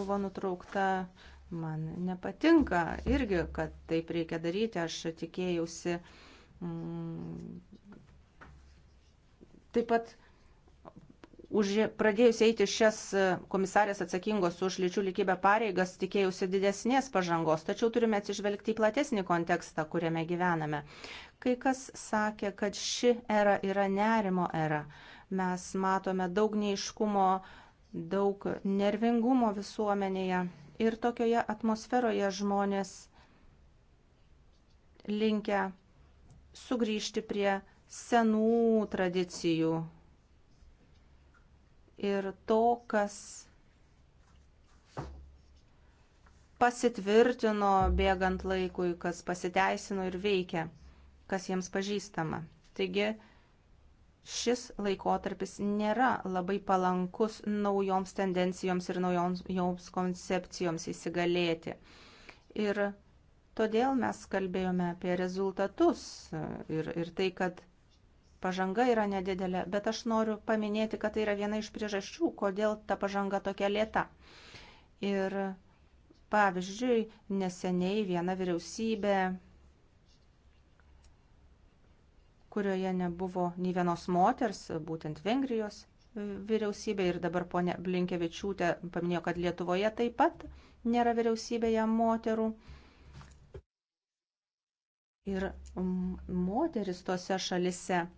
buvo nutraukta, man nepatinka irgi, kad taip reikia daryti. Aš tikėjausi. Mm, taip pat už, pradėjus eiti šias komisarės atsakingos už lyčių lygybę pareigas, tikėjausi didesnės pažangos, tačiau turime atsižvelgti į platesnį kontekstą, kuriame gyvename. Kai kas sakė, kad ši era yra nerimo era. Mes matome daug neiškumo, uh, daug nervingumo visuomenėje ir tokioje atmosferoje žmonės linkę sugrįžti prie senų tradicijų ir to, kas pasitvirtino bėgant laikui, kas pasiteisino ir veikia, kas jiems pažįstama. Taigi, šis laikotarpis nėra labai palankus naujoms tendencijoms ir naujoms joms koncepcijoms įsigalėti. Ir todėl mes kalbėjome apie rezultatus ir, ir tai, kad pažanga yra nedidelė, bet aš noriu paminėti, kad tai yra viena iš priežasčių, kodėl ta pažanga tokia lėta. Ir pavyzdžiui, neseniai viena vyriausybė kurioje nebuvo nei vienos moters, būtent Vengrijos e, vyriausybė ir dabar ponė Blinkevičiūtė paminėjo, kad Lietuvoje taip pat nėra vyriausybėje moterų. Ir moteris tose šalise e,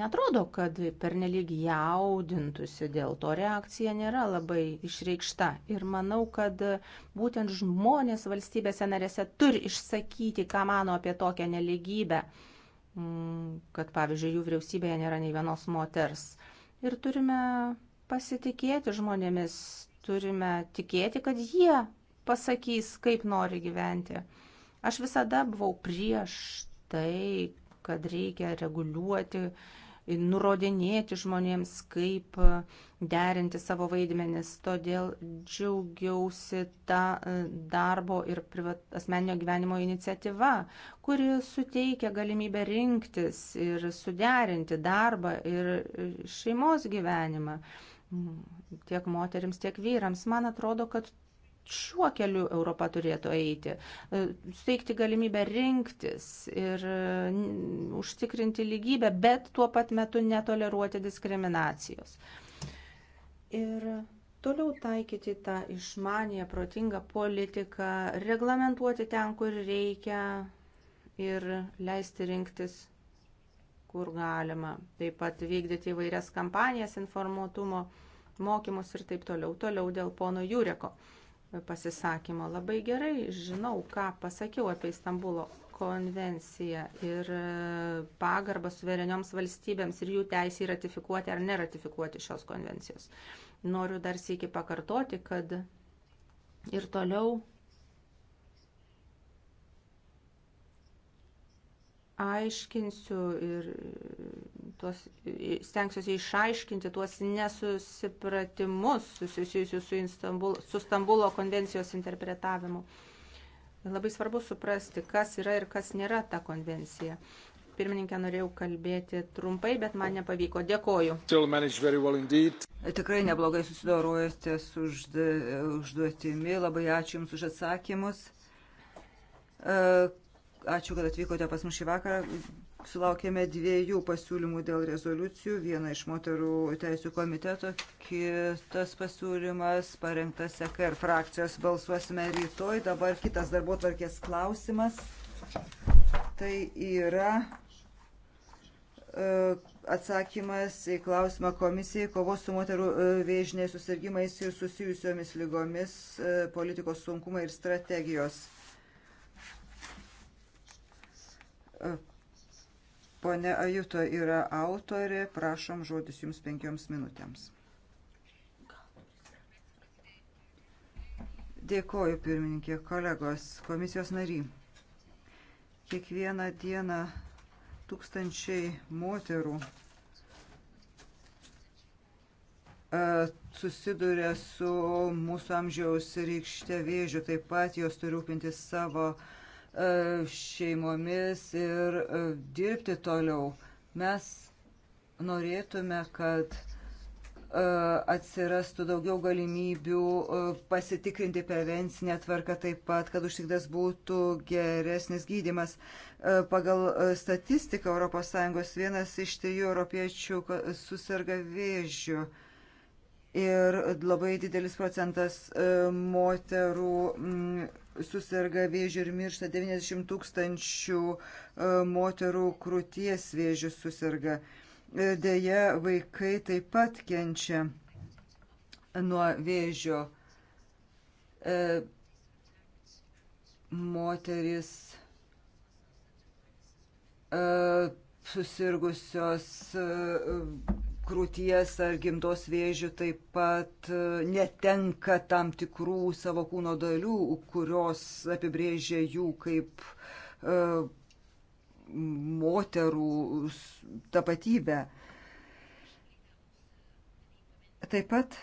netrodo, kad pernelyg jaudintųsi, dėl to reakcija nėra labai išreikšta. Ir manau, kad e, būtent žmonės valstybėse narėse turi išsakyti, ką mano apie tokią neligybę. Mm, kad, pavyzdžiui, jų vyriausybėje nėra nei vienos moters. Ir turime pasitikėti žmonėmis, turime tikėti, kad jie pasakys, kaip nori gyventi. Aš visada buvau prieš tai, kad reikia reguliuoti uh, nurodinėti žmonėms, kaip derinti savo vaidmenis. Todėl džiaugiausi tą e, darbo ir asmeninio gyvenimo iniciatyva, kuri suteikia galimybę rinktis ir suderinti darbą ir e, šeimos gyvenimą mm, tiek moteriams, tiek vyrams. Man atrodo, kad šiuo keliu Europa turėtų eiti, e, suteikti galimybę rinktis ir e, užtikrinti lygybę, bet tuo pat metu netoleruoti diskriminacijos. Ir toliau taikyti tą išmanę, protingą politiką, reglamentuoti ten, kur reikia ir leisti rinktis kur galima. Taip pat vykdyti įvairias kampanijas, informuotumo, mokymus ir taip toliau. Toliau dėl pono Jureko. Uh, pasisakymo. Labai gerai žinau, ką pasakiau apie Istanbulo konvenciją ir e, pagarbą suverenioms valstybėms ir jų teisį ratifikuoti ar neratifikuoti šios konvencijos. Noriu dar sėki pakartoti, kad ir toliau aiškinsiu ir tuos, stengsiuosi išaiškinti tuos nesusipratimus susijusius su, Istanbul, su Stambulo konvencijos interpretavimu. Labai svarbu suprasti, kas yra ir kas nėra ta konvencija. Pirmininkė, norėjau kalbėti trumpai, bet man nepavyko. Dėkoju. Well Tikrai neblogai susidorojate su užduotimi. Labai ačiū Jums už atsakymus. Uh, Ačiū, kad atvykote pas mus šį vakarą. Sulaukėme dviejų pasiūlymų dėl rezoliucijų. Viena iš moterų teisų komiteto, kitas pasiūlymas parengtas SEKR frakcijos. Balsuosime rytoj. Dabar kitas darbo tvarkės klausimas. Tai yra e, atsakymas į klausimą komisijai kovos su moterų e, vėžiniais susirgymais ir susijusiomis lygomis e, politikos sunkumai ir strategijos. Pone Ajuto yra autorė, prašom žodis jums penkioms minutėms. Dėkoju, pirmininkė, kolegos, komisijos nary. Kiekvieną dieną tūkstančiai moterų e, susiduria su mūsų amžiaus rykšte vėžiu, taip pat jos turi rūpinti savo uh, E, šeimomis ir e, dirbti toliau. Mes norėtume, kad e, atsirastų daugiau galimybių pasitikrinti prevencinę tvarką taip pat, kad užtikdas būtų geresnis gydimas. Pagal statistiką ES vienas iš trijų europiečių susirga vėžiu ir labai didelis procentas moterų susirga vėžių ir miršta 90 tūkstančių e, moterų krūties vėžių susirga. E, deja, vaikai taip pat kenčia nuo vėžio. E, moteris susirgusios krūties ar gimdos vėžių taip pat e, netenka tam tikrų savo kūno dalių, kurios apibrėžia jų kaip e, moterų tapatybę. Taip pat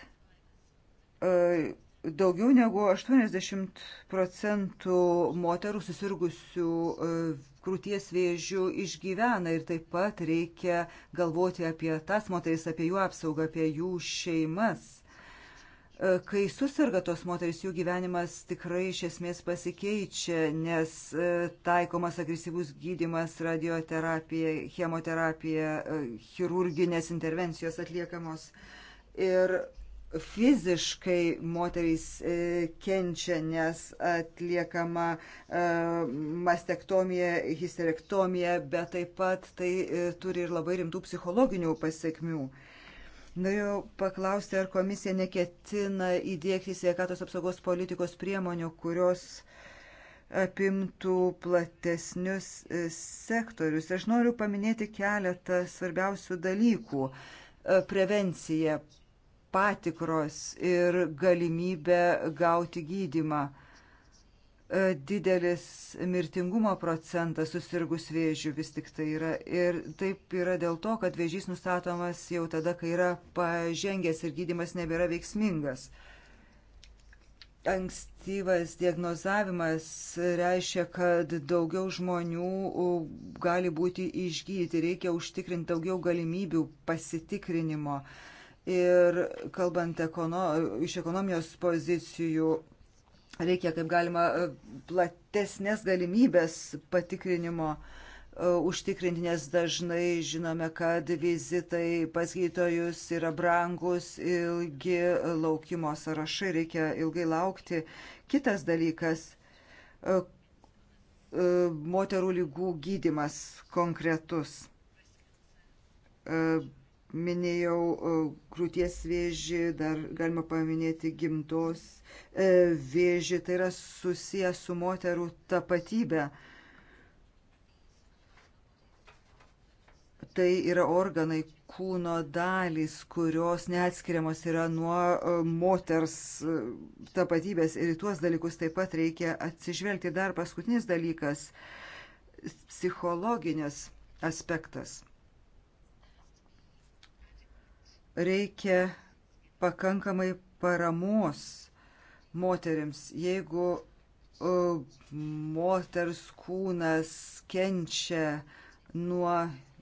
e, daugiau negu 80 procentų moterų susirgusių e, krūties vėžių išgyvena ir taip pat reikia galvoti apie tas moteris, apie jų apsaugą, apie jų šeimas. E, kai susirga tos moteris, jų gyvenimas tikrai iš esmės pasikeičia, nes e, taikomas agresyvus gydimas, radioterapija, chemoterapija, e, chirurginės intervencijos atliekamos. Ir fiziškai moterys e, kenčia, nes atliekama e, mastektomija, histerektomija, bet taip pat tai e, turi ir labai rimtų psichologinių pasiekmių. Norėjau paklausti, ar komisija neketina įdėkti sveikatos apsaugos politikos priemonių, kurios apimtų platesnius sektorius. Aš noriu paminėti keletą svarbiausių dalykų. Prevencija, patikros ir galimybę gauti gydimą. E, didelis mirtingumo procentas susirgus vėžių vis tik tai yra. Ir taip yra dėl to, kad vėžys nustatomas jau tada, kai yra pažengęs ir gydimas nebėra veiksmingas ankstyvas diagnozavimas reiškia, kad daugiau žmonių gali būti išgydyti, reikia užtikrinti daugiau galimybių pasitikrinimo ir kalbant ekono, iš ekonomijos pozicijų, reikia kaip galima e, platesnės galimybės patikrinimo e, užtikrinti, nes dažnai žinome, kad vizitai pas gydytojus yra brangus, ilgi e, laukimo sąrašai, reikia ilgai laukti. Kitas dalykas - moterų lygų gydimas konkretus minėjau e, krūties vėžį, dar galima paminėti gimtos e, vėžį, tai yra susijęs su moterų tapatybė. Tai yra organai, kūno dalys, kurios neatskiriamos yra nuo e, moters tapatybės ir į tuos dalykus taip pat reikia atsižvelgti. Dar paskutinis dalykas - psichologinis aspektas reikia pakankamai paramos moteriams. Jeigu uh, moters kūnas kenčia nuo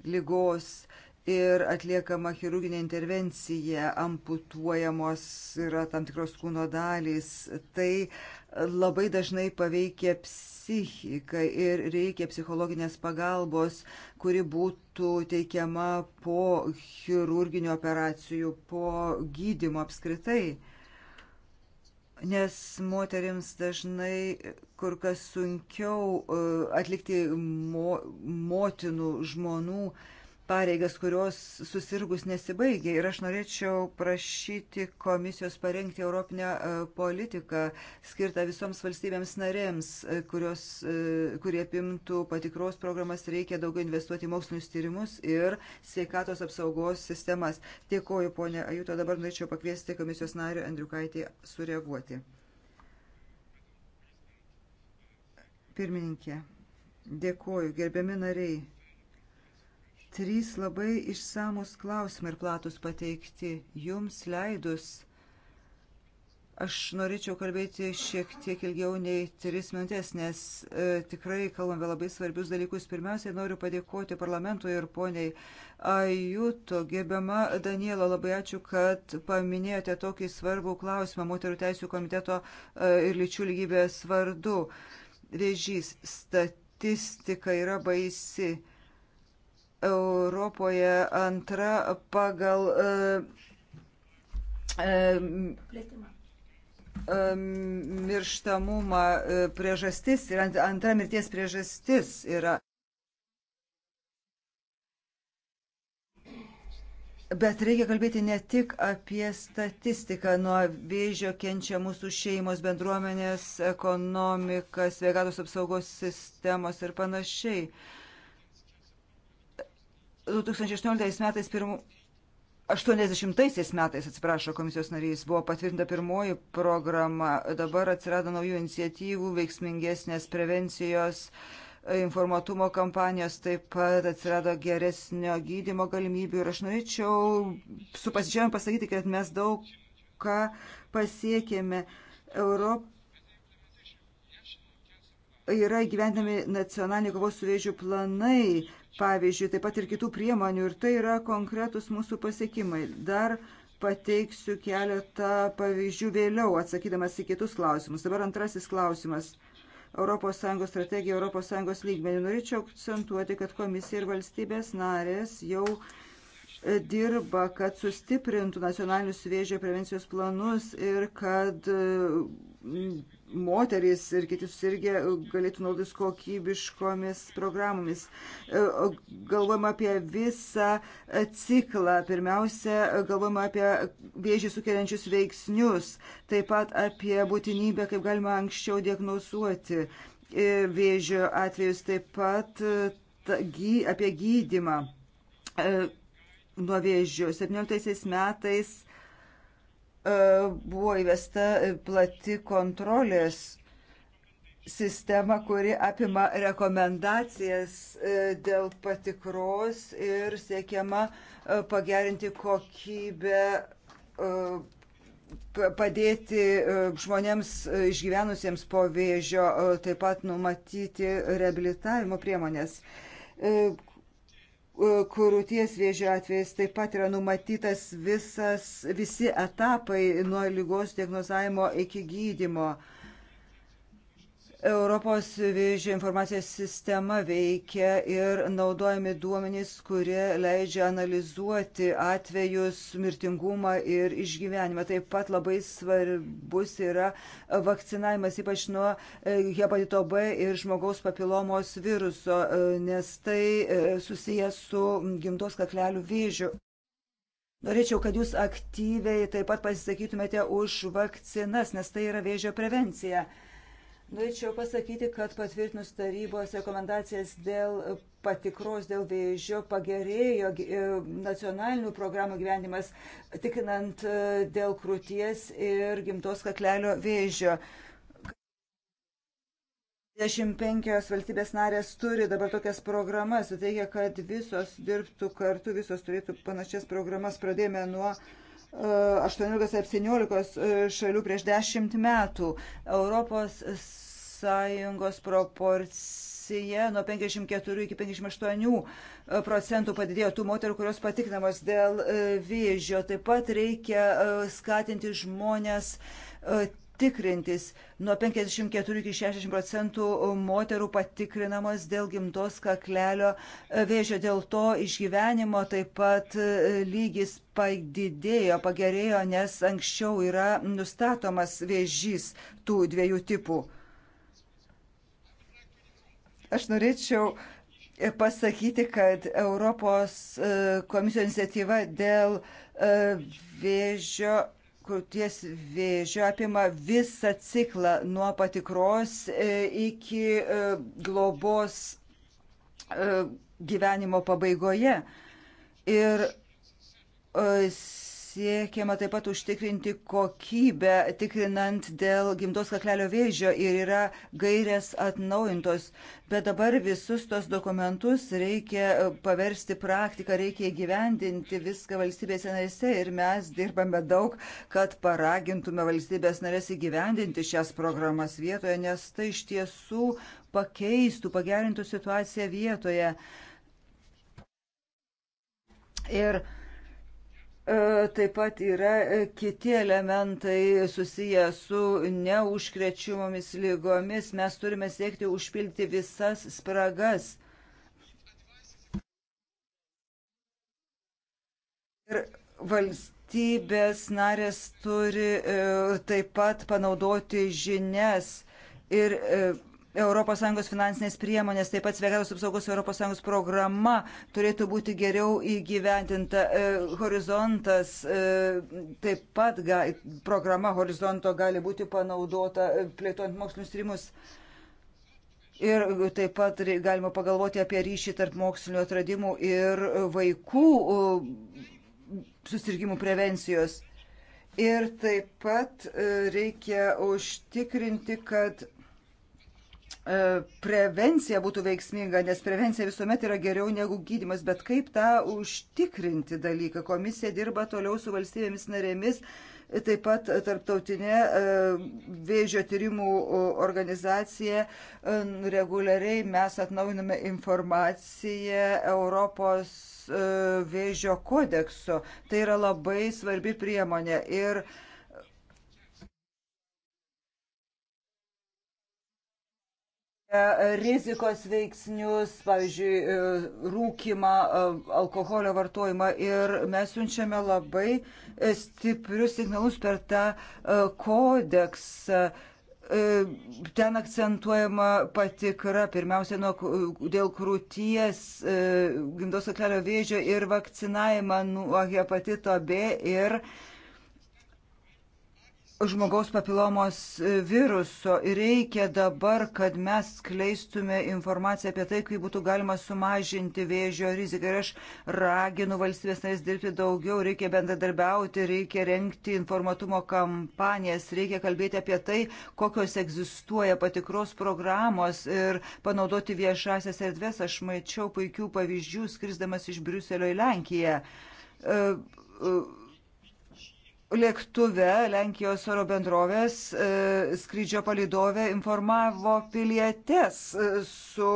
lygos ir atliekama chirurginė intervencija, amputuojamos yra tam tikros kūno dalys, tai labai dažnai paveikia psichiką ir reikia psichologinės pagalbos, kuri būtų teikiama po chirurginių operacijų, po gydimo apskritai nes moteriams dažnai kur kas sunkiau e, atlikti mo, motinų žmonų pareigas, kurios susirgus nesibaigia. Ir aš norėčiau prašyti komisijos parengti Europinę e, politiką skirtą visoms valstybėms narėms, e, kurios, e, kurie pimtų patikros programas, reikia daugiau investuoti į mokslinius tyrimus ir sveikatos apsaugos sistemas. Dėkoju, ponė Ajuto, dabar norėčiau pakviesti komisijos narį Andriukaitį sureaguoti. Pirmininkė, dėkoju, gerbiami nariai Trys labai išsamus klausimai ir platus pateikti. Jums leidus, aš norėčiau kalbėti šiek tiek ilgiau nei tris minutės, nes e, tikrai kalbame labai svarbius dalykus. Pirmiausiai noriu padėkoti parlamentui ir poniai Ajuto, gerbiama Danielo, labai ačiū, kad paminėjote tokį svarbų klausimą moterų teisų komiteto e, ir lyčių lygybės vardu. Vėžys, statistika yra baisi. E, Europoje antra pagal e, e, mirštamumą e, priežastis ir antra mirties priežastis yra. Bet reikia kalbėti ne tik apie statistiką, nuo vėžio kenčia mūsų šeimos, bendruomenės, ekonomika, sveikatos apsaugos sistemos ir panašiai. Uh, 2018 metais pirmų. 80 metais, atsiprašo, komisijos narys buvo patvirtinta pirmoji programa, dabar atsirado naujų iniciatyvų, veiksmingesnės prevencijos, informatumo kampanijos, taip pat atsirado geresnio gydimo galimybių ir aš norėčiau su pasidžiavimu pasakyti, kad mes daug ką pasiekėme. Europą yra gyvendami nacionaliniai kovos su vėžiu planai, pavyzdžiui, taip pat ir kitų priemonių. Ir tai yra konkretus mūsų pasiekimai. Dar pateiksiu keletą pavyzdžių vėliau, atsakydamas į kitus klausimus. Dabar antrasis klausimas. ES strategija ES lygmenį. Norėčiau akcentuoti, kad komisija ir valstybės narės jau e, dirba, kad sustiprintų nacionalinius vėžio prevencijos planus ir kad e, moteris ir kiti susirgę galėtų naudotis kokybiškomis programomis. E, galvojama apie visą ciklą. Pirmiausia, galvojama apie vėžį sukeliančius veiksnius, taip pat apie būtinybę, kaip galima anksčiau diagnozuoti e, vėžio atvejus, taip pat e, apie gydimą nuo vėžio. 17 metais E, buvo įvesta plati kontrolės sistema, kuri apima rekomendacijas e, dėl patikros ir siekiama e, pagerinti kokybę, padėti žmonėms išgyvenusiems po vėžio, taip pat numatyti reabilitavimo priemonės E, krūties vėžio atvejais taip pat yra numatytas visas, visi etapai nuo lygos diagnozavimo iki gydymo. Europos vėžio informacijos sistema veikia ir naudojami duomenys, kurie leidžia analizuoti atvejus, mirtingumą ir išgyvenimą. Taip pat labai svarbus yra vakcinavimas, ypač nuo e, hepatito B ir žmogaus papilomos viruso, e, nes tai e, susijęs su gimtos kaklelių vėžiu. Norėčiau, kad jūs aktyviai taip pat pasisakytumėte už vakcinas, nes tai yra vėžio prevencija. Norėčiau pasakyti, kad patvirtinus tarybos rekomendacijas dėl patikros dėl vėžio pagerėjo e, nacionalinių programų gyvenimas, tikinant e, dėl krūties ir gimtos kaklelio vėžio. 25 valstybės narės turi dabar tokias programas, suteikia, kad visos dirbtų kartu, visos turėtų panašias programas. Pradėjome nuo uh, 18-17 e, šalių prieš 10 metų. Europos Sąjungos proporcija nuo 54 iki 58 e, procentų padidėjo tų moterų, kurios patikrinamos dėl e, vėžio. Taip pat reikia skatinti žmonės tikrintis. Nuo 54 iki 60 procentų moterų patikrinamos dėl gimtos kaklelio e, vėžio. Dėl to išgyvenimo taip pat e, lygis padidėjo, pagerėjo, nes anksčiau yra nustatomas vėžys tų dviejų tipų. Aš norėčiau e, pasakyti, kad Europos komisijos iniciatyva dėl vėžio krūties vėžio apima visą ciklą nuo patikros e, iki e, globos e, gyvenimo pabaigoje. Ir siekiama taip pat užtikrinti kokybę, tikrinant dėl gimdos kaklelio vėžio ir yra gairės atnaujintos. Bet dabar visus tos dokumentus reikia paversti praktiką, reikia įgyvendinti viską valstybėse narėse ir mes dirbame daug, kad paragintume valstybės narės įgyvendinti šias programas vietoje, nes tai iš tiesų pakeistų, pagerintų situaciją vietoje. Ir uh, E, taip pat yra e, kiti elementai susiję su neužkrečiamomis lygomis. Mes turime siekti užpilti visas spragas. Ir valstybės narės turi e, taip pat panaudoti žinias ir ES finansinės priemonės, taip pat sveikatos apsaugos ES programa turėtų būti geriau įgyvendinta. E, horizontas, e, taip pat ga, programa horizonto gali būti panaudota e, plėtojant mokslinius tyrimus. Ir taip pat galima pagalvoti apie ryšį tarp mokslinio atradimų ir vaikų susirgymų prevencijos. Ir taip pat reikia užtikrinti, kad E, prevencija būtų veiksminga, nes prevencija visuomet yra geriau negu gydimas, bet kaip tą užtikrinti dalyką. Komisija dirba toliau su valstybėmis narėmis, taip pat tarptautinė e, vėžio tyrimų organizacija. E, reguliariai mes atnaujiname informaciją Europos vėžio kodekso. Tai yra labai svarbi priemonė. Ir uh, rizikos veiksnius, pavyzdžiui, e, rūkimą, e, alkoholio vartojimą ir mes siunčiame labai e, stiprius signalus per tą kodeksą. Ten akcentuojama patikra pirmiausia nuo, dėl krūties, gimdos aklelio vėžio ir vakcinavimą nuo hepatito B ir uh, žmogaus papilomos e, viruso ir reikia dabar, kad mes kleistume informaciją apie tai, kaip būtų galima sumažinti vėžio riziką. Ir aš raginu valstybės narės dirbti daugiau, reikia bendradarbiauti, reikia renkti informatumo kampanijas, reikia kalbėti apie tai, kokios egzistuoja patikros programos ir panaudoti viešasias erdves. Aš mačiau puikių pavyzdžių, skrisdamas iš Briuselio į Lenkiją. Uh, uh, lėktuve Lenkijos oro bendrovės e, skrydžio palidovė informavo pilietes, e, su,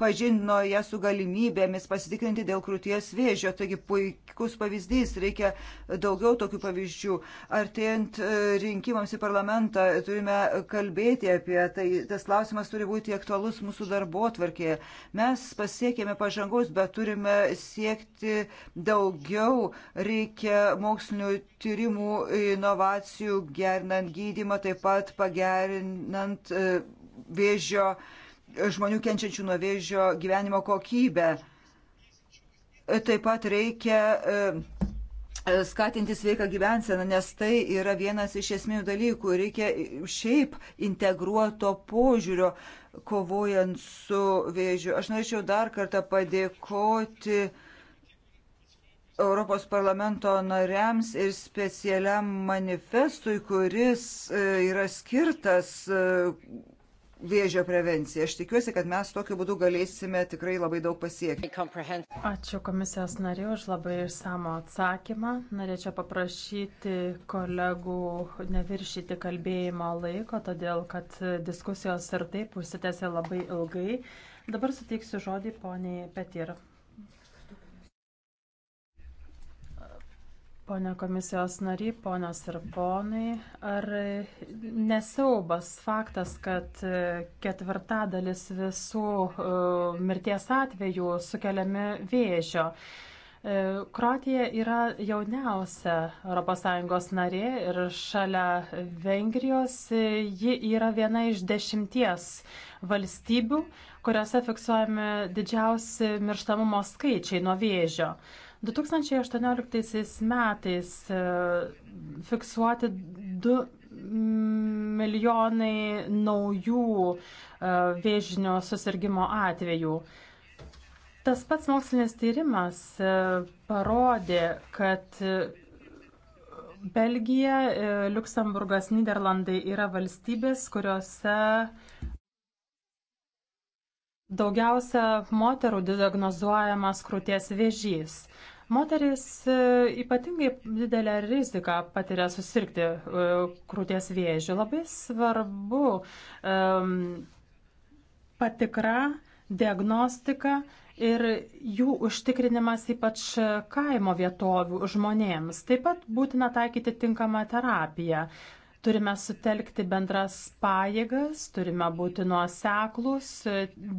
pažindino ją su galimybėmis pasitikrinti dėl krūties vėžio. Taigi puikus pavyzdys, reikia daugiau tokių pavyzdžių. Artėjant e, rinkimams į parlamentą turime kalbėti apie tai, tas klausimas turi būti aktualus mūsų darbo tvarkėje. Mes pasiekėme pažangos, bet turime siekti daugiau, reikia mokslinių tyrimų inovacijų, gernant gydimą, taip pat pagerinant e, vėžio, žmonių kenčiančių nuo vėžio gyvenimo kokybę. E, taip pat reikia e, skatinti sveiką gyvenseną, nes tai yra vienas iš esminių dalykų. Reikia šiaip integruoto požiūrio kovojant su vėžiu. Aš norėčiau dar kartą padėkoti uh, Europos parlamento nariams ir specialiam manifestui, kuris e, yra skirtas e, vėžio prevencija. Aš tikiuosi, kad mes tokiu būdu galėsime tikrai labai daug pasiekti. Ačiū komisijos nariu už labai išsamo atsakymą. Norėčiau paprašyti kolegų neviršyti kalbėjimo laiko, todėl kad diskusijos ir taip užsitęsė labai ilgai. Dabar suteiksiu žodį poniai Petir. Pone komisijos nariai, ponios ir ponai, ar nesiaubas faktas, kad e, ketvirtadalis visų e, mirties atvejų sukeliami vėžio? E, Kroatija yra jauniausia ES narė ir šalia Vengrijos ji yra viena iš dešimties valstybių, kuriuose fiksuojami didžiausi mirštamumo skaičiai nuo vėžio. 2018 metais e, fiksuoti 2 milijonai naujų e, vėžinio susirgymo atvejų. Tas pats mokslinis tyrimas e, parodė, kad Belgija, Luksemburgas, Niderlandai yra valstybės, kuriuose daugiausia moterų diagnozuojamas krūties vėžys. Moterys e, ypatingai didelę riziką patiria susirgti e, krūties vėžių. Labai svarbu um, patikra, diagnostika ir jų užtikrinimas ypač kaimo vietovių žmonėms. Taip pat būtina taikyti tinkamą terapiją. Turime sutelkti bendras pajėgas, turime būti nuoseklus,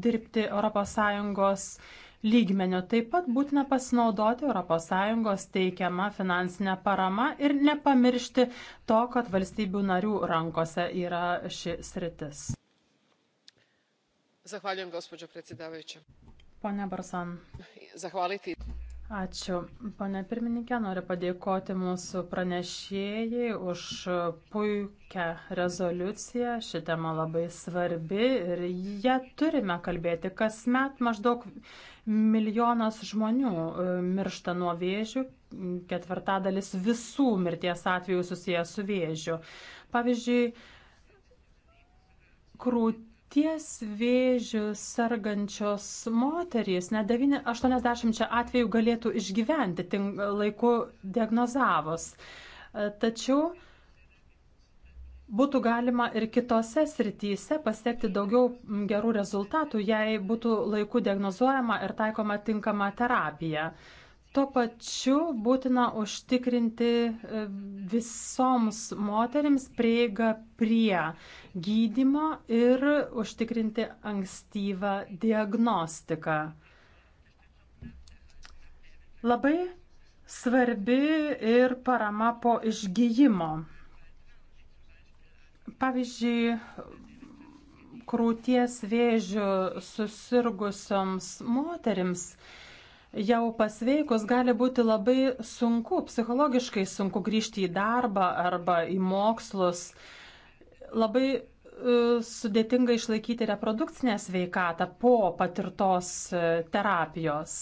dirbti ES lygmeniu. Taip pat būtina pasinaudoti ES teikiamą finansinę paramą ir nepamiršti to, kad valstybių narių rankose yra ši sritis. Zahvaljujem, gospođo predsjedavajuća. Pone Barsan. Zahvaliti. Ačiū. Pane pirmininkė, noriu padėkoti mūsų pranešėjai už puikią rezoliuciją. Ši tema labai svarbi ir ją turime kalbėti. Kasmet maždaug milijonas žmonių e, miršta nuo vėžių, ketvirtadalis visų mirties atvejų susijęs su vėžiu. Pavyzdžiui, krūtis Krūties vėžių sargančios moterys, net 80 atvejų galėtų išgyventi laiku diagnozavus. E, tačiau būtų galima ir kitose srityse pasiekti daugiau gerų rezultatų, jei būtų laiku diagnozuojama ir taikoma tinkama terapija. Tuo pačiu būtina užtikrinti e, visoms moterims prieigą prie gydimo ir užtikrinti ankstyvą diagnostiką. Labai svarbi ir parama po išgyjimo. Pavyzdžiui, krūties vėžių susirgusioms moterims jau pasveikus gali būti labai sunku, psichologiškai sunku grįžti į darbą arba į mokslus. Labai e, sudėtinga išlaikyti reprodukcinę sveikatą po patirtos e, terapijos.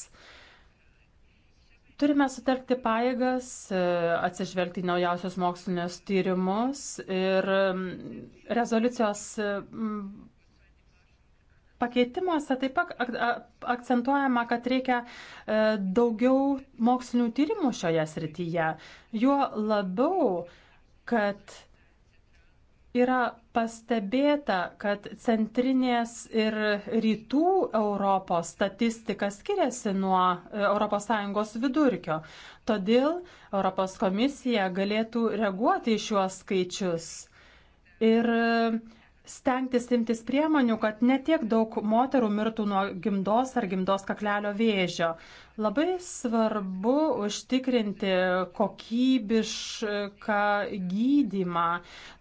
Turime sutelkti paėgas, e, atsižvelgti naujausius mokslinius tyrimus ir rezoliucijos pakeitimuose taip pat akcentuojama, kad reikia e, daugiau mokslinių tyrimų šioje srityje. Juo labiau, kad yra pastebėta, kad centrinės ir rytų Europos statistika skiriasi nuo ES vidurkio. Todėl ES komisija galėtų reaguoti į šiuos skaičius. Ir uh, stengtis imtis priemonių, kad netiek daug moterų mirtų nuo gimdos ar gimdos kaklelio vėžio. Labai svarbu užtikrinti kokybišką gydimą.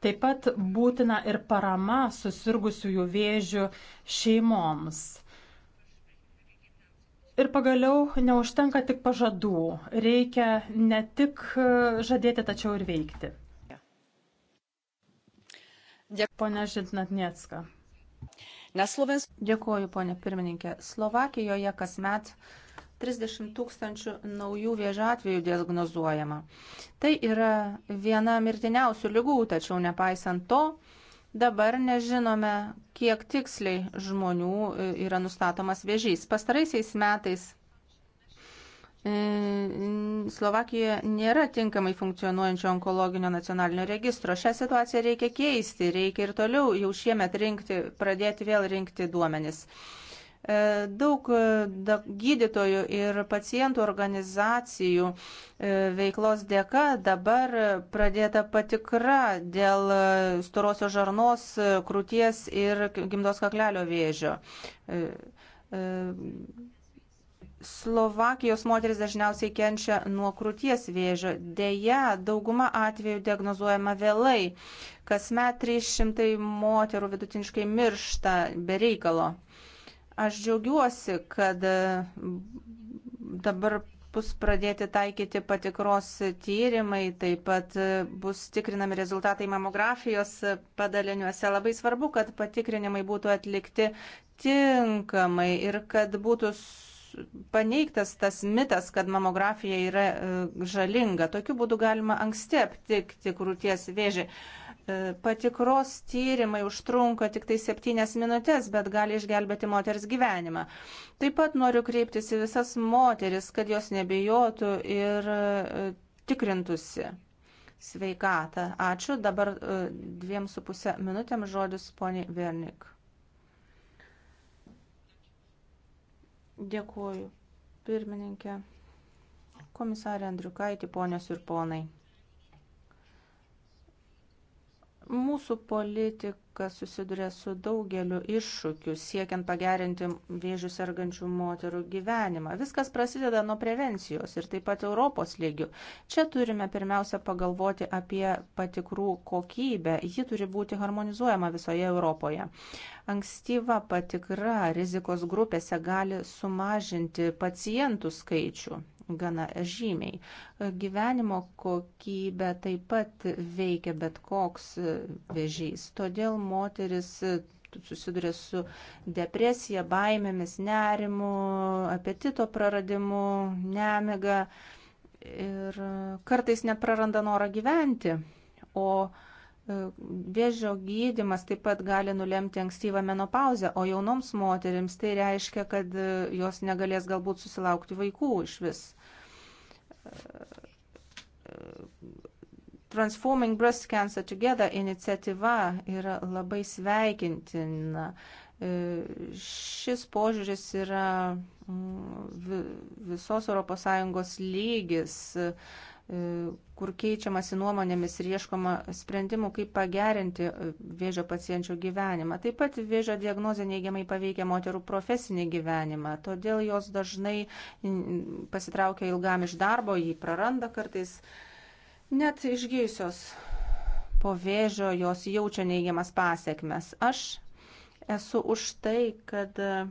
Taip pat būtina ir parama susirgusiųjų vėžių šeimoms. Ir pagaliau neužtenka tik pažadų. Reikia ne tik žadėti, tačiau ir veikti. Dėk... Pone Žintnatniecka. Neslovens. Dėkuoju, ponė pirmininkė. Slovakijoje kasmet 30 tūkstančių naujų vėžio atvejų diagnozuojama. Tai yra viena mirtiniausių lygų, tačiau nepaisant to, dabar nežinome, kiek tiksliai žmonių e, yra nustatomas vėžys. Pastaraisiais metais E, Slovakijoje nėra tinkamai funkcionuojančio onkologinio nacionalinio registro. Šią situaciją reikia keisti, reikia ir toliau jau šiemet rinkti, pradėti vėl rinkti duomenis. E, Daug e, gydytojų ir pacientų organizacijų veiklos dėka dabar pradėta patikra dėl storosios žarnos, krūties ir gimdos kaklelio vėžio Slovakijos moteris dažniausiai kenčia nuo krūties vėžio. Deja, dauguma atvejų diagnozuojama vėlai. Kasmet 300 moterų vidutiniškai miršta be reikalo. Aš džiaugiuosi, kad dabar bus pradėti taikyti patikros tyrimai, taip pat e, bus tikrinami rezultatai mamografijos padaliniuose. Labai svarbu, kad patikrinimai būtų atlikti tinkamai ir kad būtų paneigtas tas mitas, kad mamografija yra e, žalinga. Tokiu būdu galima anksti aptikti krūties vėžį. E, patikros tyrimai užtrunka tik tai septynias minutės, bet gali išgelbėti moters gyvenimą. Taip pat noriu kreiptis į visas moteris, kad jos nebijotų ir e, tikrintusi sveikatą. Ačiū. Dabar dviem su pusę minutėm žodis poniai Vernik. Dėkuoju, pirmininkė, komisarė Andriukaitį, ponios ir ponai. Mūsų politika susiduria su daugeliu iššūkių, siekiant pagerinti vėžių sergančių moterų gyvenimą. Viskas prasideda nuo prevencijos ir taip pat Europos lygių. Čia turime pirmiausia pagalvoti apie patikrų kokybę. Ji turi būti harmonizuojama visoje Europoje. Ankstyva patikra rizikos grupėse gali sumažinti pacientų skaičių gana žymiai. Gyvenimo kokybę taip pat veikia bet koks vėžys. Todėl moteris susiduria su depresija, baimėmis, nerimu, apetito praradimu, nemiga ir kartais net praranda norą gyventi. O e, Vėžio gydimas taip pat gali nulemti ankstyvą menopauzę, o jaunoms moterims tai reiškia, kad e, jos negalės galbūt susilaukti vaikų iš vis. Transforming Breast Cancer Together iniciatyva yra labai sveikintina. Šis požiūris yra mm, visos ES lygis E, kur keičiamasi nuomonėmis ir ieškoma sprendimų, kaip pagerinti e, vėžio pacienčių gyvenimą. Taip pat vėžio diagnozė neigiamai paveikia moterų profesinį gyvenimą, todėl jos dažnai pasitraukia ilgam iš darbo, jį praranda kartais. Net išgyjusios po vėžio jos jaučia neigiamas pasiekmes. Aš esu už tai, kad e,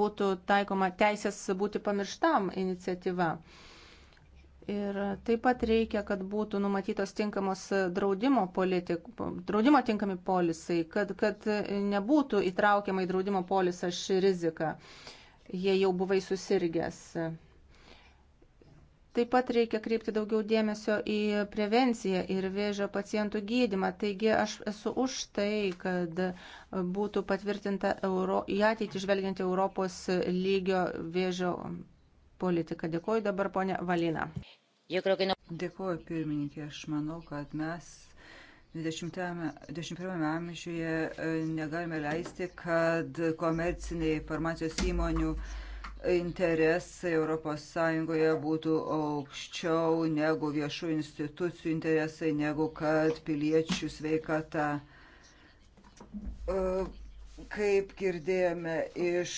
būtų taikoma teisės būti pamirštam iniciatyva. Ir taip pat reikia, kad būtų numatytos tinkamos draudimo politik, draudimo tinkami polisai, kad, kad nebūtų įtraukiama į draudimo polisą ši rizika. Jie jau buvai susirgęs. Taip pat reikia kreipti daugiau dėmesio į prevenciją ir vėžio pacientų gydimą. Taigi aš esu už tai, kad būtų patvirtinta Euro, į ateitį žvelgianti Europos lygio vėžio politiką. Dėkuoju dabar ponė Valina. Dėkuoju pirmininkė, aš manau, kad mes 21 amžiuje e, negalime leisti, kad komerciniai farmacijos įmonių interesai ES būtų aukščiau negu viešų institucijų interesai, negu kad piliečių sveikata. E, kaip girdėjome iš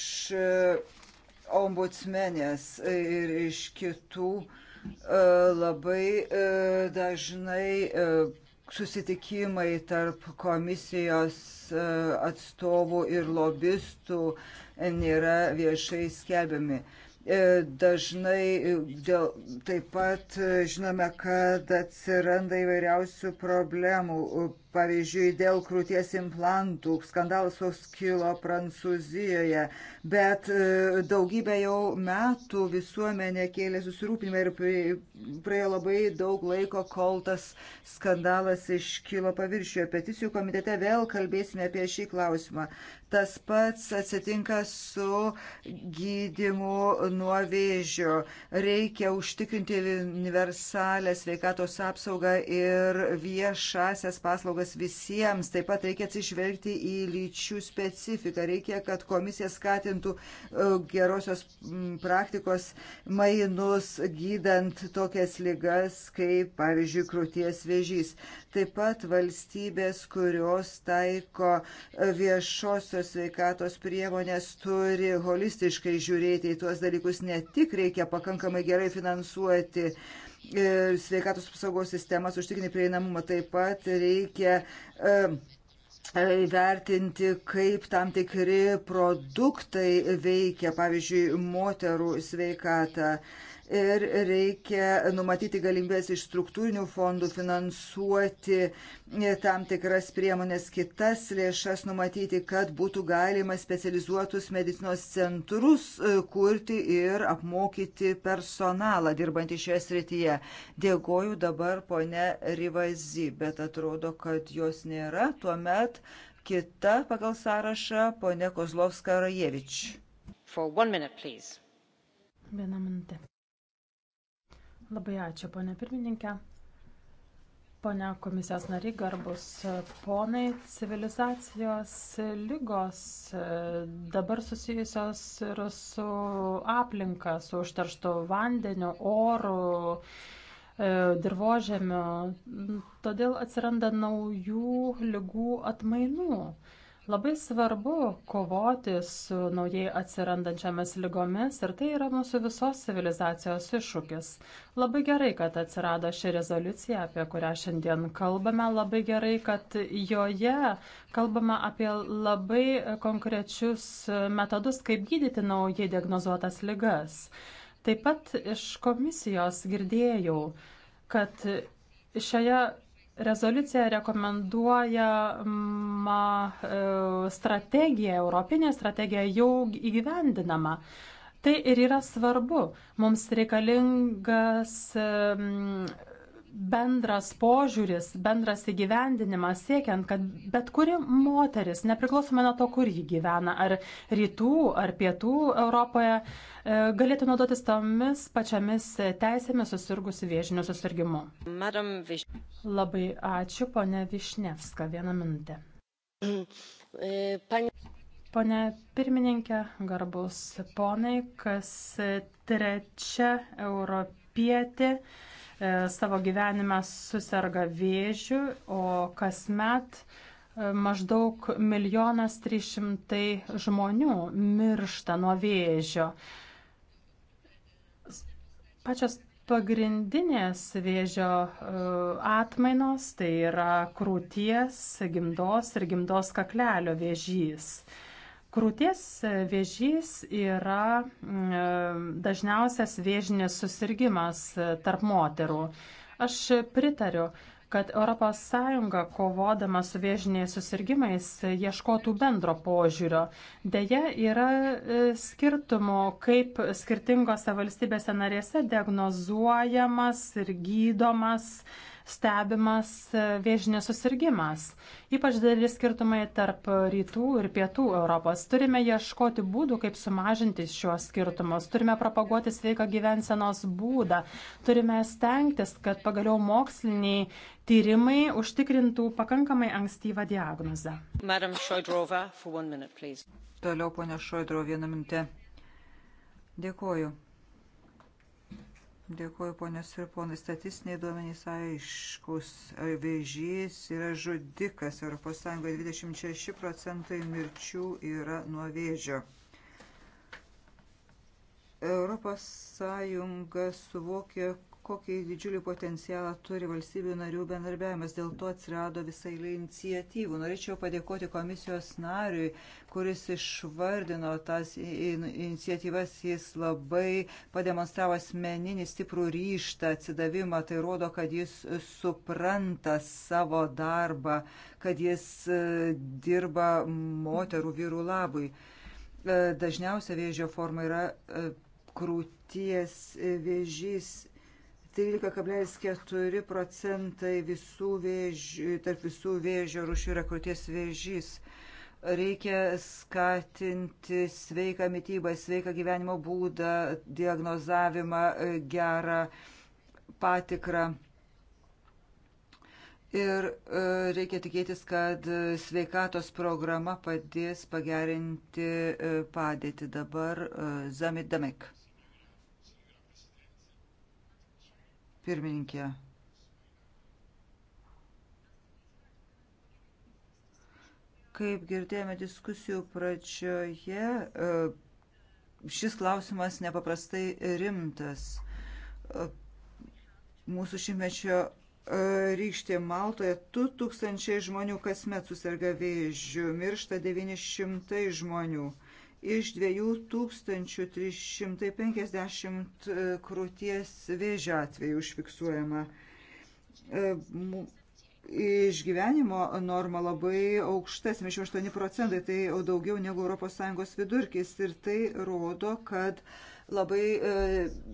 ombudsmenės ir iš kitų e, labai e, dažnai e, susitikimai tarp komisijos atstovų ir lobistų nėra viešai skelbiami. Dažnai dėl, taip pat žinome, kad atsiranda įvairiausių problemų pavyzdžiui, dėl krūties implantų, skandalas toks kilo Prancūzijoje, bet e, daugybę jau metų visuomenė kėlė susirūpinimą ir praėjo labai daug laiko, kol tas skandalas iškilo paviršiuje. Peticijų komitete vėl kalbėsime apie šį klausimą. Tas pats atsitinka su gydimu nuo vėžio. Reikia užtikrinti universalę sveikatos apsaugą ir viešasias paslaugas sąlygos visiems. Taip pat reikia atsižvelgti į lyčių specifiką. Reikia, kad komisija skatintų e, gerosios praktikos mainus gydant tokias lygas, kaip pavyzdžiui krūties vėžys. Taip pat valstybės, kurios taiko viešosios sveikatos priemonės, turi holistiškai žiūrėti į tuos dalykus. Ne tik reikia pakankamai gerai finansuoti, E, sveikatos apsaugos sistemas užtikrinti prieinamumą. Taip pat reikia e, e, įvertinti, kaip tam tikri produktai veikia, pavyzdžiui, moterų sveikatą ir reikia numatyti galimybės iš struktūrinių fondų finansuoti tam tikras priemonės, kitas lėšas numatyti, kad būtų galima specializuotus medicinos centrus e, kurti ir apmokyti personalą dirbantį šioje srityje. Dėkoju dabar ponė Rivazy, bet atrodo, kad jos nėra. Tuomet kita pagal sąrašą ponė Kozlovska Rajevič. Minute, Viena minutė. Labai ačiū, ponė pirmininkė. Pone komisijos nariai, garbus ponai, civilizacijos lygos dabar susijusios ir su aplinka, su užterštu vandeniu, oru, e, dirbožėmiu. Todėl atsiranda naujų lygų atmainų. Labai svarbu kovoti su naujai atsirandančiamis lygomis ir tai yra mūsų visos civilizacijos iššūkis. Labai gerai, kad atsirado ši rezoliucija, apie kurią šiandien kalbame. Labai gerai, kad joje kalbama apie labai konkrečius metodus, kaip gydyti naujai diagnozuotas lygas. Taip pat iš komisijos girdėjau, kad šioje Rezoliucija rekomenduojama e, strategija, europinė strategija jau įgyvendinama. Tai ir yra svarbu. Mums reikalingas e, bendras požiūris, bendras įgyvendinimas siekiant, kad bet kuri moteris, nepriklausomai nuo to, kur ji gyvena, ar rytų, ar pietų Europoje, e, galėtų naudotis tomis pačiamis teisėmis susirgusi vėžiniu susirgimu. Viš... Labai ačiū, ponė Višnevska, vieną minutę. E, Pone pirmininkė, garbus ponai, kas trečia europietė. E, savo gyvenime susirga vėžiu, o kasmet e, maždaug milijonas trys šimtai žmonių miršta nuo vėžio. Pačios pagrindinės vėžio e, atmainos tai yra krūties, gimdos ir gimdos kaklelio vėžys. Krūties vėžys yra mm, e, dažniausias vėžinis susirgymas e, tarp moterų. Aš pritariu, kad ES kovodama su vėžiniais susirgymais ieškotų bendro požiūrio. Deja, yra e, skirtumo, kaip skirtingose valstybėse narėse diagnozuojamas ir gydomas uh, stebimas vėžinis susirgymas. Ypač dideli skirtumai tarp rytų ir pietų Europos. Turime ieškoti būdų, kaip sumažinti šiuos skirtumus. Turime propaguoti sveiką gyvensenos būdą. Turime stengtis, kad pagaliau moksliniai tyrimai užtikrintų pakankamai ankstyvą diagnozę. Minute, Toliau, ponia Šoidro, vieną minutę. Dėkuoju. Dėkuoju, ponios ir ponai. Statistiniai duomenys aiškus. Vėžys yra žudikas. ES 26 procentai mirčių yra nuo vėžio. ES suvokė, kokį didžiulį potencialą turi valstybių narių bendarbiavimas. Dėl to atsirado visai iniciatyvų. Norėčiau padėkoti komisijos nariui, kuris išvardino tas iniciatyvas. Jis labai pademonstravo asmeninį stiprų ryštą, atsidavimą. Tai rodo, kad jis supranta savo darbą, kad jis e, dirba moterų vyrų labui. E, dažniausia vėžio forma yra e, krūties vėžys 13,4 procentai visų vėžių, tarp visų vėžio rušių yra krūties vėžys. Reikia skatinti sveiką mytybą, sveiką gyvenimo būdą, diagnozavimą, e, gerą patikrą. Ir e, reikia tikėtis, kad sveikatos programa padės pagerinti e, padėtį dabar Zamit Damek. pirmininkė. Kaip girdėjome diskusijų pradžioje, e, šis klausimas nepaprastai rimtas. E, mūsų šimtmečio e, rykštė Maltoje 2000 žmonių kasmet susirga vėžių, miršta 900 žmonių iš 2350 e, krūties vėžio atvejų užfiksuojama. E, išgyvenimo norma labai aukšta, 78 procentai, tai daugiau negu ES vidurkis ir tai rodo, kad labai e,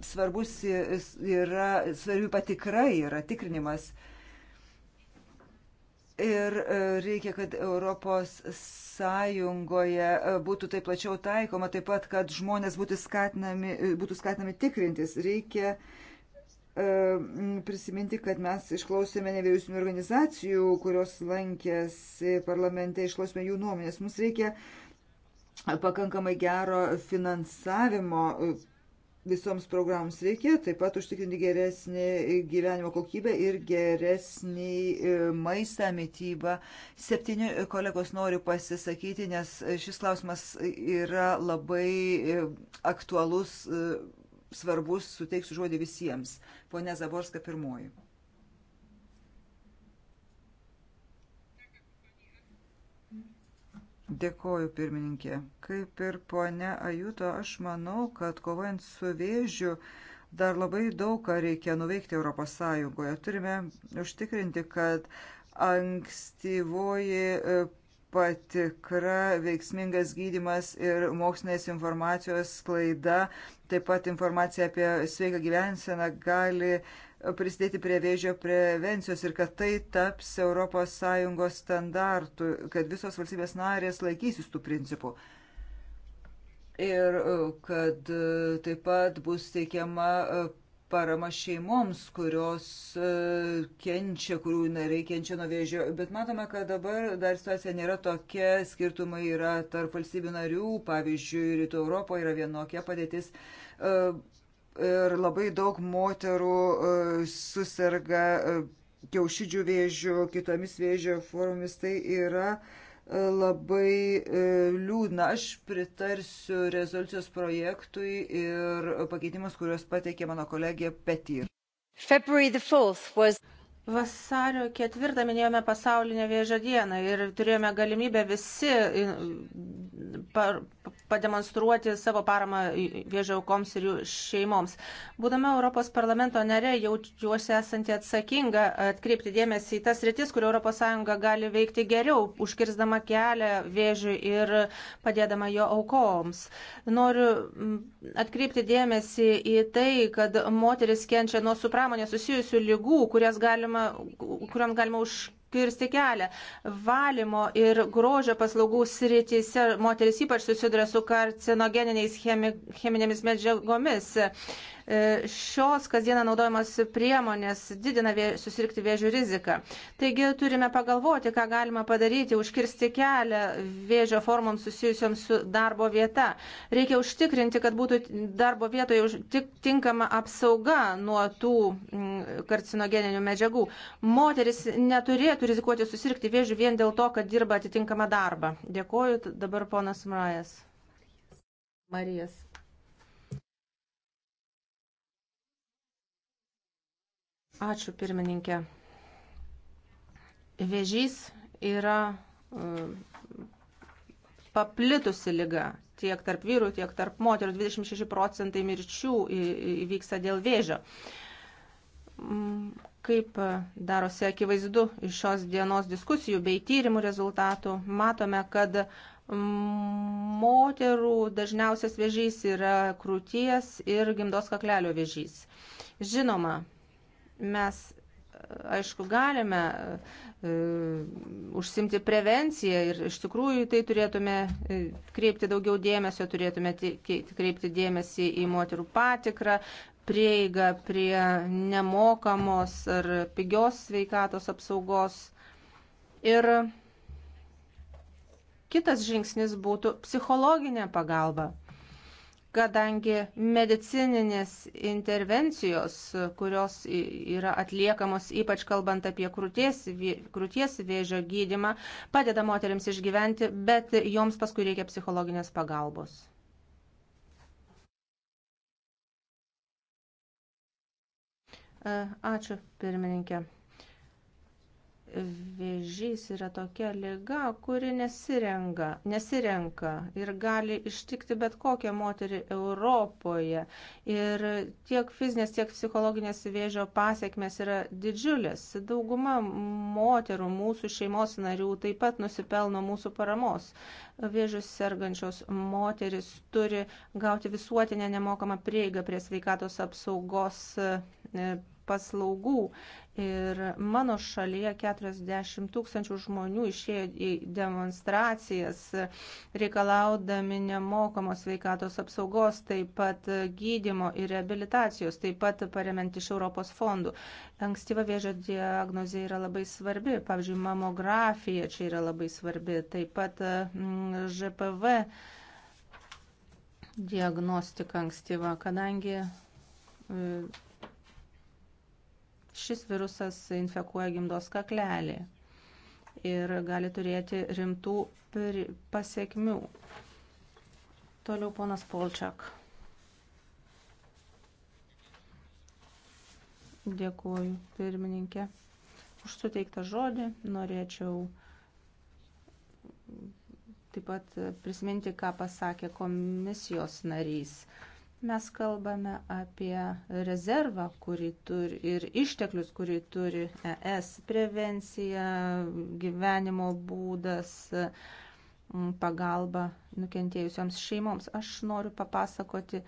svarbus yra, svarbi patikra yra tikrinimas. Ir e, reikia, kad Europos Sąjungoje e, būtų tai plačiau taikoma, taip pat, kad žmonės būtų skatinami, e, būtų skatinami tikrintis. Reikia prisiminti, kad mes išklausėme nevyriausybinių organizacijų, kurios lankėsi parlamente, išklausėme jų nuomonės. Mums reikia pakankamai gero finansavimo visoms programoms reikia taip pat užtikrinti geresnį gyvenimo kokybę ir geresnį e, maistą, mytybą. Septyni kolegos noriu pasisakyti, nes šis klausimas yra labai e, aktualus, e, svarbus, suteiksiu žodį visiems. Pone Zaborska pirmoji. Dėkoju, pirmininkė. Kaip ir ponia Ajuto, aš manau, kad kovojant su vėžiu dar labai daug ką reikia nuveikti ES. Turime užtikrinti, kad ankstyvoji e, patikra, veiksmingas gydimas ir mokslinės informacijos sklaida, taip pat informacija apie sveiką gyvenseną gali prisidėti prie vėžio prevencijos ir kad tai taps ES standartų, kad visos valstybės narės laikysis tų principų. Ir uh, kad uh, taip pat bus teikiama uh, parama šeimoms, kurios e, kenčia, kurių nariai kenčia nuo vėžio. Bet matome, kad dabar dar situacija nėra tokia, skirtumai yra tarp valstybių narių, pavyzdžiui, Rytų Europoje yra vienokia padėtis. E, ir labai daug moterų e, susirga kiaušidžių vėžių, kitomis vėžio formomis. Tai yra uh, labai e, liūdna. Aš pritarsiu rezoliucijos projektui ir pakeitimus, kuriuos pateikė mano kolegė Petir. Was... Vasario ketvirtą minėjome pasaulinę vėžio dieną ir turėjome galimybę visi par, pademonstruoti savo paramą viežio aukoms ir jų šeimoms. Būdama Europos parlamento nare, jaučiuosi esanti atsakinga atkreipti dėmesį į tas rytis, kur ES gali veikti geriau, užkirzdama kelią viežiui ir padėdama jo aukoms. Noriu atkreipti dėmesį į tai, kad moteris kenčia nuo su pramonė susijusių lygų, galima, kuriam galima užkirsti užkirsti kelią. Valymo ir grožio paslaugų srityse moteris ypač susiduria su karcinogeniniais cheminėmis medžiagomis. E, šios kasdieną naudojamos priemonės didina vė, susirgti vėžių riziką. Taigi turime pagalvoti, ką galima padaryti, užkirsti kelią vėžio formoms susijusioms su darbo vieta. Reikia užtikrinti, kad būtų darbo vietoje tinkama apsauga nuo tų karcinogeninių medžiagų. Moteris neturėtų rizikuoti susirgti vėžių vien dėl to, kad dirba atitinkamą darbą. Dėkuoju dabar ponas Mrajas. Marijas. Ačiū pirmininkė. Vėžys yra e, paplitusi lyga tiek tarp vyrų, tiek tarp moterų. 26 procentai mirčių įvyksta dėl vėžio. Mm, kaip darosi akivaizdu iš šios dienos diskusijų bei tyrimų rezultatų, matome, kad mm, moterų dažniausias vėžys yra krūties ir gimdos kaklelio vėžys. Žinoma, Mes, aišku, galime e, užsimti prevenciją ir iš tikrųjų tai turėtume e, kreipti daugiau dėmesio, turėtume kreipti dėmesį į moterų patikrą, prieigą prie nemokamos ar pigios sveikatos apsaugos. Ir kitas žingsnis būtų psichologinė pagalba kadangi medicininės intervencijos, kurios yra atliekamos ypač kalbant apie krūties, krūties vėžio gydimą, padeda moteriams išgyventi, bet joms paskui reikia psichologinės pagalbos. E, ačiū, pirmininkė. Vėžys yra tokia lyga, kuri nesirenga, nesirenka ir gali ištikti bet kokią moterį Europoje. Ir tiek fizinės, tiek psichologinės vėžio pasiekmes yra didžiulės. Dauguma moterų, mūsų šeimos narių taip pat nusipelno mūsų paramos. Vėžius sergančios moteris turi gauti visuotinę nemokamą prieigą prie sveikatos apsaugos e, paslaugų. Ir mano šalyje 40 tūkstančių žmonių išėjo į demonstracijas, reikalaudami nemokamos sveikatos apsaugos, taip pat gydimo ir rehabilitacijos, taip pat paremant iš Europos fondų. Ankstyva vėžio diagnozė yra labai svarbi, pavyzdžiui, mamografija čia yra labai svarbi, taip pat mm, ŽPV diagnostika ankstyva, kadangi e, Šis virusas infekuoja gimdos kaklelį ir gali turėti rimtų pasiekmių. Toliau ponas Polčiak. Dėkuoju pirmininkė. Už suteiktą žodį norėčiau taip pat prisiminti, ką pasakė komisijos narys. Mes kalbame apie rezervą kurį turi, ir išteklius, kurį turi ES prevencija, gyvenimo būdas, Mm, pagalba nukentėjusioms šeimoms. Aš noriu papasakoti e,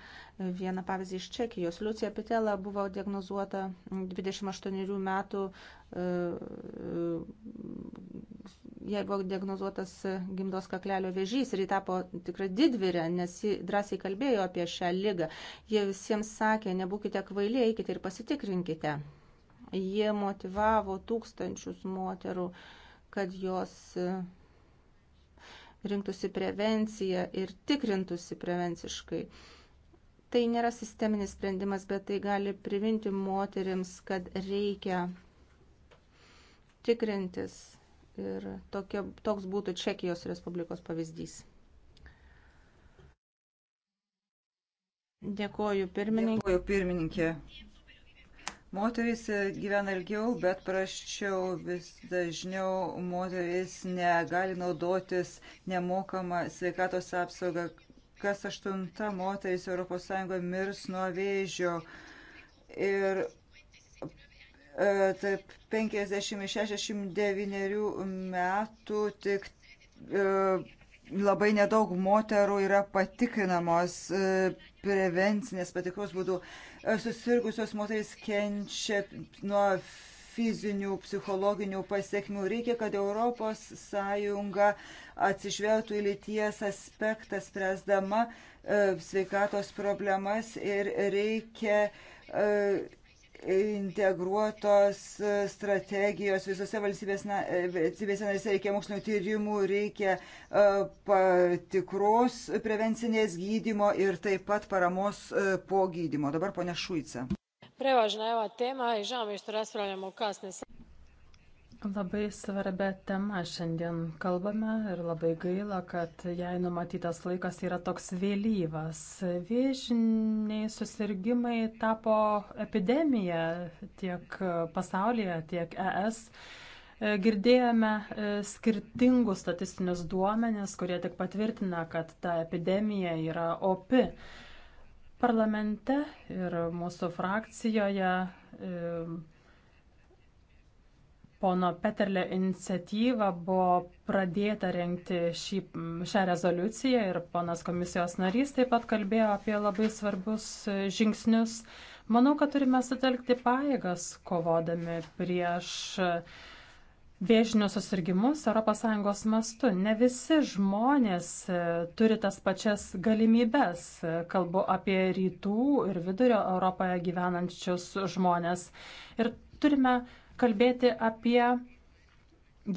vieną pavyzdį iš Čekijos. Liucija Pitela buvo diagnozuota 28 metų, e, e, jai buvo diagnozuotas gimdos kaklelio vėžys ir ji tapo tikrai didvirę, nes ji drąsiai kalbėjo apie šią lygą. Jie visiems sakė, nebūkite kvailiai, eikite ir pasitikrinkite. Jie motivavo tūkstančius moterų, kad jos rinktųsi prevenciją ir tikrintųsi prevenciškai. Tai nėra sisteminis sprendimas, bet tai gali priminti moterims, kad reikia tikrintis. Ir tokia, toks būtų Čekijos Respublikos pavyzdys. Dėkoju pirmininkė. Dėkoju pirmininkė. Moterys e, gyvena ilgiau, bet praščiau vis dažniau moterys negali naudotis nemokamą sveikatos apsaugą. Kas aštunta moteris ES mirs nuo vėžio. Ir e, tarp 50 ir 69 metų tik e, labai nedaug moterų yra patikrinamos e, prevencinės patikros būdų. E, susirgusios moteris kenčia nuo fizinių, psichologinių pasiekmių. Reikia, kad ES atsižvelgtų į lyties aspektą, spręsdama e, sveikatos problemas ir reikia integruotos strategijos visose valstybės narėse, reikia mokslinio tyrimų, reikia e, patikros prevencinės gydymo ir taip pat paramos e, po gydymo. Dabar ponia Šuica. Prevažna je ova tema i žao mi je što raspravljamo u kasne Labai svarbia tema šiandien kalbame ir labai gaila, kad jai numatytas laikas yra toks vėlyvas. Vėžiniai susirgymai tapo epidemija tiek pasaulyje, tiek ES. Girdėjome e, skirtingus statistinius duomenis, kurie tik patvirtina, kad ta epidemija yra opi. Parlamente ir mūsų frakcijoje e, pono Peterle iniciatyva buvo pradėta renkti šį, šią rezoliuciją ir ponas komisijos narys taip pat kalbėjo apie labai svarbius žingsnius. Manau, kad turime sutelkti pajėgas kovodami prieš vėžinius susirgymus ES mastu. Ne visi žmonės e, turi tas pačias galimybes. Kalbu apie rytų ir vidurio Europoje gyvenančius žmonės. Ir turime kalbėti apie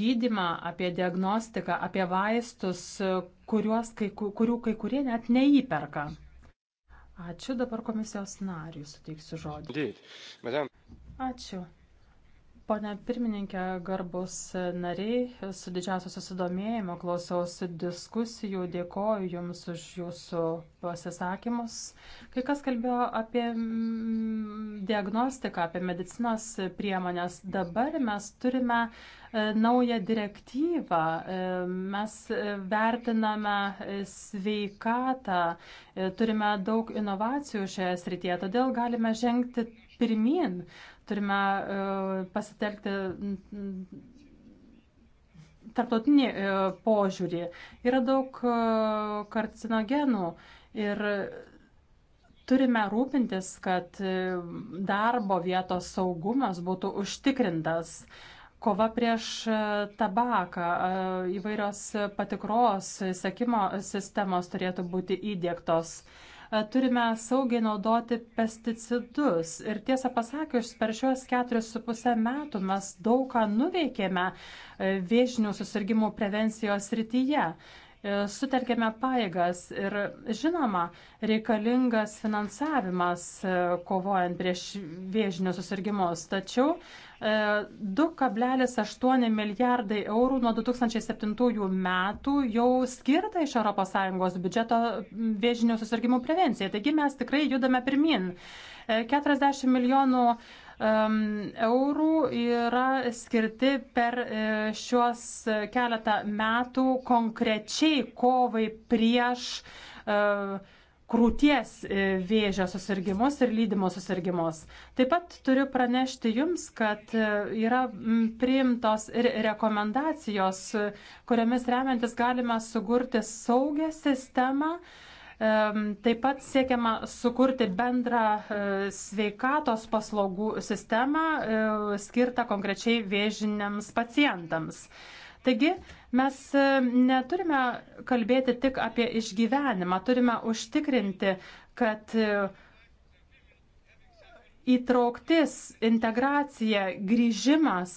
gydimą, apie diagnostiką, apie vaistus, kuriuos kai, kurių kai kurie net neįperka. Ačiū dabar komisijos nariui, suteiksiu žodį. Ačiū. Pone pirmininkė, garbus nariai, su didžiausiu susidomėjimu klausiausi diskusijų, dėkoju Jums už Jūsų pasisakymus. Kai kas kalbėjo apie mm, diagnostiką, apie medicinos priemonės, dabar mes turime e, naują direktyvą, e, mes e, vertiname sveikatą, turime daug inovacijų šioje srityje, todėl galime žengti pirmin. Turime e, pasitelkti tarptautinį e, požiūrį. Yra daug e, karcinogenų ir turime rūpintis, kad darbo vietos saugumas būtų užtikrintas. Kova prieš tabaką, įvairios patikros, sekimo sistemos turėtų būti įdėktos. E, turime saugiai naudoti pesticidus. Ir tiesą pasakius, per šios keturis su pusę metų mes daug ką nuveikėme e, vėžinių susirgymų prevencijos rytyje. E, sutelkėme paėgas ir žinoma, reikalingas finansavimas e, kovojant prieš vėžinius susirgymus. Tačiau 2,8 e, milijardai eurų nuo 2007 metų jau skirta iš ES biudžeto vėžinių susirgymų prevencijai. Taigi mes tikrai judame pirmin. 40 milijonų eurų yra skirti per e, šiuos keletą metų konkrečiai kovai prieš e, krūties e, vėžio susirgymus ir lydimo susirgymus. Taip pat turiu pranešti Jums, kad yra priimtos ir rekomendacijos, kuriamis remiantis galime sugurti saugią sistemą, uh, Taip pat siekiama sukurti bendrą e, sveikatos paslaugų sistemą e, skirtą konkrečiai vėžiniams pacientams. Taigi mes e, neturime kalbėti tik apie išgyvenimą, turime užtikrinti, kad įtrauktis, integracija, grįžimas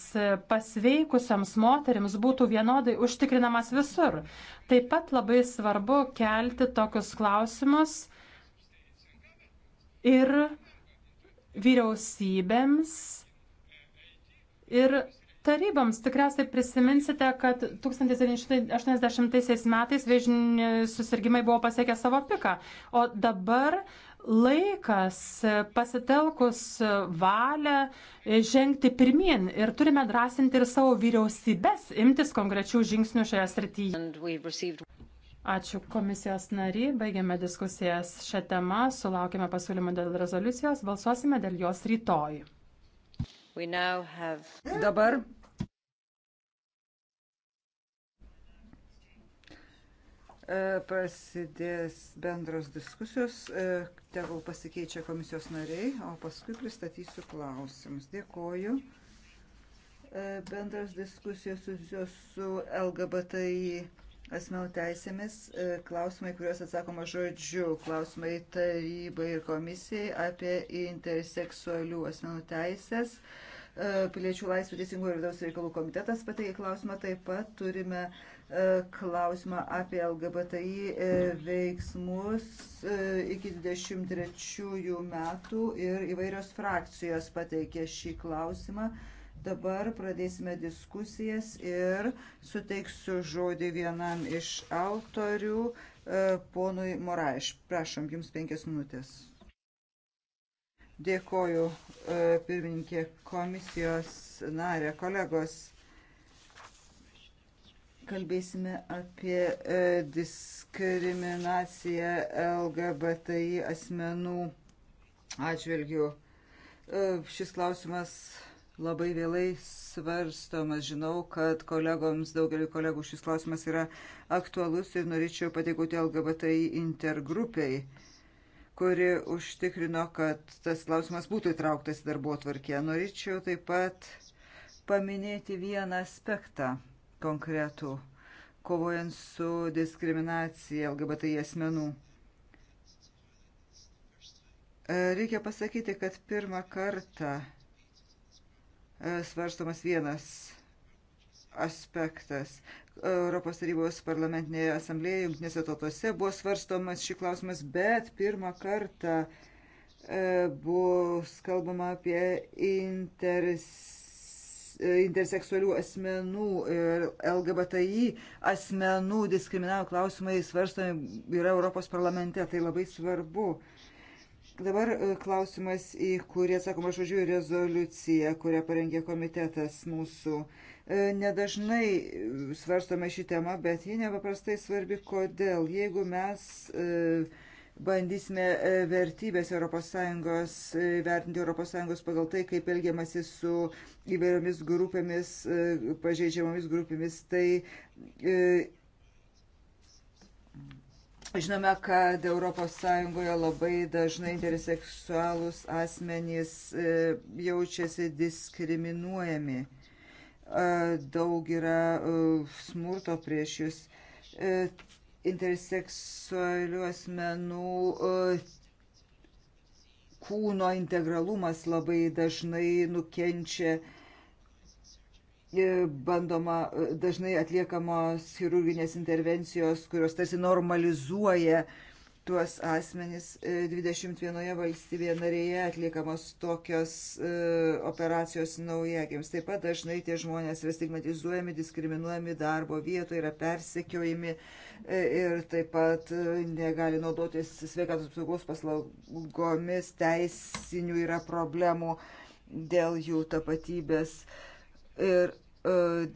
pasveikusiams moteriams būtų vienodai užtikrinamas visur. Taip pat labai svarbu kelti tokius klausimus ir vyriausybėms, ir taryboms. Tikriausiai prisiminsite, kad 1980 metais vėžiniai susirgymai buvo pasiekę savo piką, o dabar laikas e, pasitelkus valią e, žengti pirmien ir turime drąsinti ir savo vyriausybės imtis konkrečių žingsnių šioje srityje. Ačiū komisijos nariai, baigiame diskusijas šią temą, sulaukime pasiūlymą dėl rezoliucijos, balsuosime dėl jos rytoj. Have... Dabar E, prasidės bendros diskusijos, e, tegul pasikeičia komisijos nariai, o paskui pristatysiu klausimus. Dėkoju. E, bendros diskusijos susijusios su LGBTI asmenų teisėmis, klausimai, kuriuos atsakoma žodžiu, klausimai tarybai ir komisijai apie interseksualių asmenų teisės. Piliečių laisvų teisingumo ir vidaus reikalų komitetas pateikė klausimą, taip pat turime uh, E, klausimą apie LGBTI e, veiksmus e, iki 23 metų ir įvairios frakcijos pateikė šį klausimą. Dabar pradėsime diskusijas ir suteiksiu žodį vienam iš autorių, ponui Moraiš. Prašom, jums penkias minutės. Dėkoju pirmininkė komisijos narė, kolegos Kalbėsime apie e, diskriminaciją LGBTI asmenų atžvilgių. E, šis klausimas labai vėlai svarstomas. Žinau, kad kolegoms, daugeliu kolegų šis klausimas yra aktualus ir norėčiau padėkoti LGBTI intergrupiai, kuri užtikrino, kad tas klausimas būtų įtrauktas į darbo tvarkę. Norėčiau taip pat paminėti vieną aspektą konkretų, kovojant su diskriminacija LGBT asmenų. E, reikia pasakyti, kad pirmą kartą e, svarstomas vienas aspektas. Europos tarybos parlamentinėje asamblėje jungtinėse tautose buvo svarstomas šį klausimas, bet pirmą kartą e, bus kalbama apie intersectionalumą E, interseksualių asmenų ir LGBTI asmenų diskriminavimo klausimai svarstami yra Europos parlamente. Tai labai svarbu. Dabar e, klausimas, į kurį atsakoma žodžiu rezoliucija, kurią parengė komitetas mūsų. E, nedažnai svarstome šį temą, bet ji nepaprastai svarbi. Kodėl? Jeigu mes. E, bandysime e, vertybės ES, e, vertinti ES pagal tai, kaip elgiamasi su įvairiomis grupėmis, e, pažeidžiamomis grupėmis, tai Žinome, kad ES labai dažnai interseksualus asmenys jaučiasi diskriminuojami. Daug yra smurto prieš jūs interseksualių asmenų e, kūno integralumas labai dažnai nukenčia e, bandoma, e, dažnai atliekamos chirurginės intervencijos, kurios tarsi normalizuoja uh, tuos asmenys 21 e, valstybėje narėje atliekamos tokios e, operacijos naujagims. Taip pat dažnai tie žmonės yra stigmatizuojami, diskriminuojami darbo vietoje, yra persekiojami e, ir taip pat e, negali naudotis sveikatos apsaugos paslaugomis, teisinių yra problemų dėl jų tapatybės. Ir e,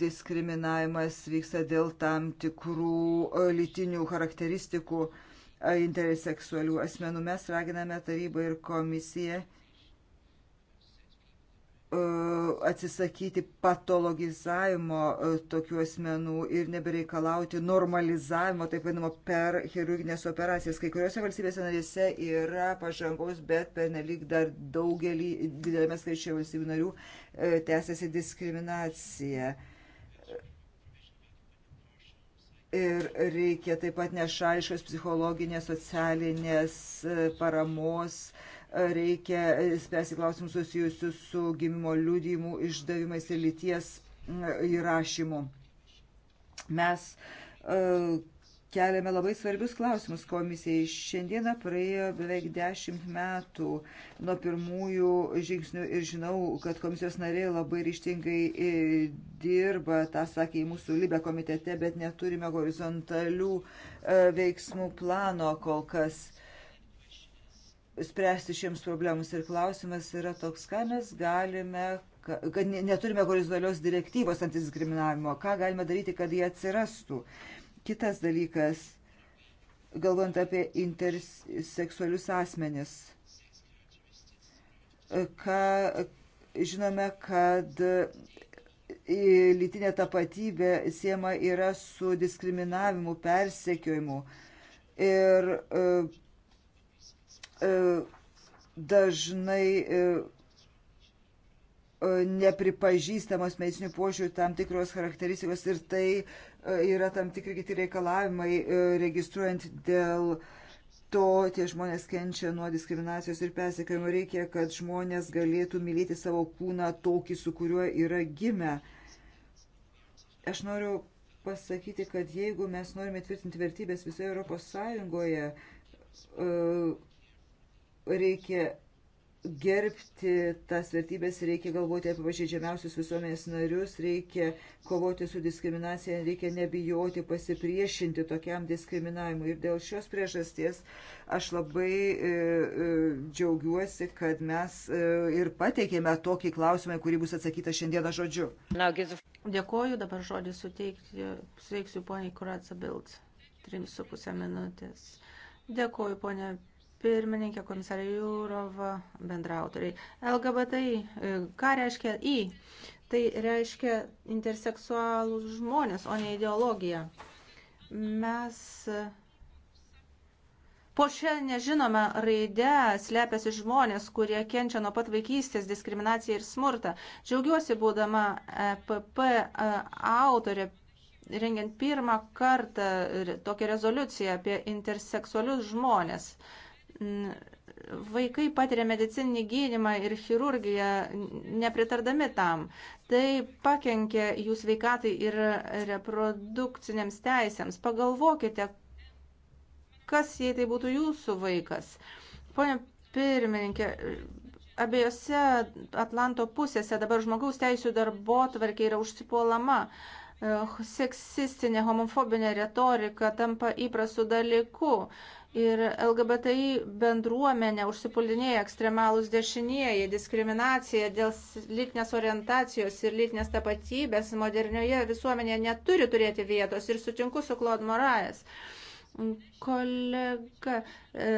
diskriminavimas vyksta dėl tam tikrų e, lytinių charakteristikų interseksualių asmenų. Mes raginame tarybą ir komisiją e, atsisakyti patologizavimo e, tokių asmenų ir nebereikalauti normalizavimo, taip vadinamo, per chirurginės operacijas. Kai kuriuose valstybėse narėse yra pažangos, bet pernelyg dar daugelį didelėme skaičiuje valstybių narių e, tęsiasi diskriminacija. E, Ir reikia taip pat nešališkos psichologinės, socialinės e, paramos, e, reikia e, spręsti klausimus susijusius su gimimo liudymu, išdavimais ir lyties įrašymu. Mes uh, keliame labai svarbius klausimus komisijai. Šiandieną praėjo beveik dešimt metų nuo pirmųjų žingsnių ir žinau, kad komisijos nariai labai ryštingai e, dirba, tą sakė į mūsų Libę komitete, bet neturime horizontalių e, veiksmų plano kol kas spręsti šiems problemus. Ir klausimas yra toks, ką mes galime kad neturime horizontalios direktyvos antidiskriminavimo, ką galime daryti, kad jie atsirastų. Uh, Kitas dalykas, galvant apie interseksualius asmenis, ką žinome, kad lytinė tapatybė siema yra su diskriminavimu, persekiojimu. Ir e, e, dažnai e, e nepripažįstamos medicinių požiūrių tam tikros charakteristikos ir tai E, yra tam tikri kiti reikalavimai e, registruojant dėl to tie žmonės kenčia nuo diskriminacijos ir persekiojimo. Reikia, kad žmonės galėtų mylėti savo kūną tokį, su kuriuo yra gimę. Aš noriu pasakyti, kad jeigu mes norime tvirtinti vertybės visoje Europos Sąjungoje, e, reikia gerbti tas vertybės, reikia galvoti apie pažeidžiamiausius visuomenės narius, reikia kovoti su diskriminacija, reikia nebijoti pasipriešinti tokiam diskriminavimui. Ir dėl šios priežasties aš labai e, e, džiaugiuosi, kad mes e, ir pateikėme tokį klausimą, kurį bus atsakyta šiandieną žodžiu. Dėkoju, dabar žodį suteikti, suteiksiu poniai Kuratsa Bild. 3,5 minutės. Dėkoju, ponė pirmininkė, komisarė Jūrova, bendrautoriai. LGBTI, e, ką reiškia I? Tai reiškia interseksualus žmonės, o ne ideologija. Mes e, po šią nežinome raidę slepiasi žmonės, kurie kenčia nuo pat vaikystės diskriminaciją ir smurtą. Džiaugiuosi būdama PP e autorė rengiant pirmą kartą tokią rezoliuciją apie interseksualius žmonės. Vaikai patiria medicininį gydimą ir chirurgiją, nepritardami tam. Tai pakenkia jų sveikatai ir reprodukciniams teisėms. Pagalvokite, kas jei tai būtų jūsų vaikas. Pone pirmininkė, abiejose Atlanto pusėse dabar žmogaus teisų darbo tvarkiai yra užsipuolama. Seksistinė, homofobinė retorika tampa įprastų dalykų. Ir LGBTI bendruomenė užsipuldinėja ekstremalus dešinieji, diskriminacija dėl lytinės orientacijos ir lytinės tapatybės modernioje visuomenėje neturi turėti vietos ir sutinku su Claude Moraes. Kolega e,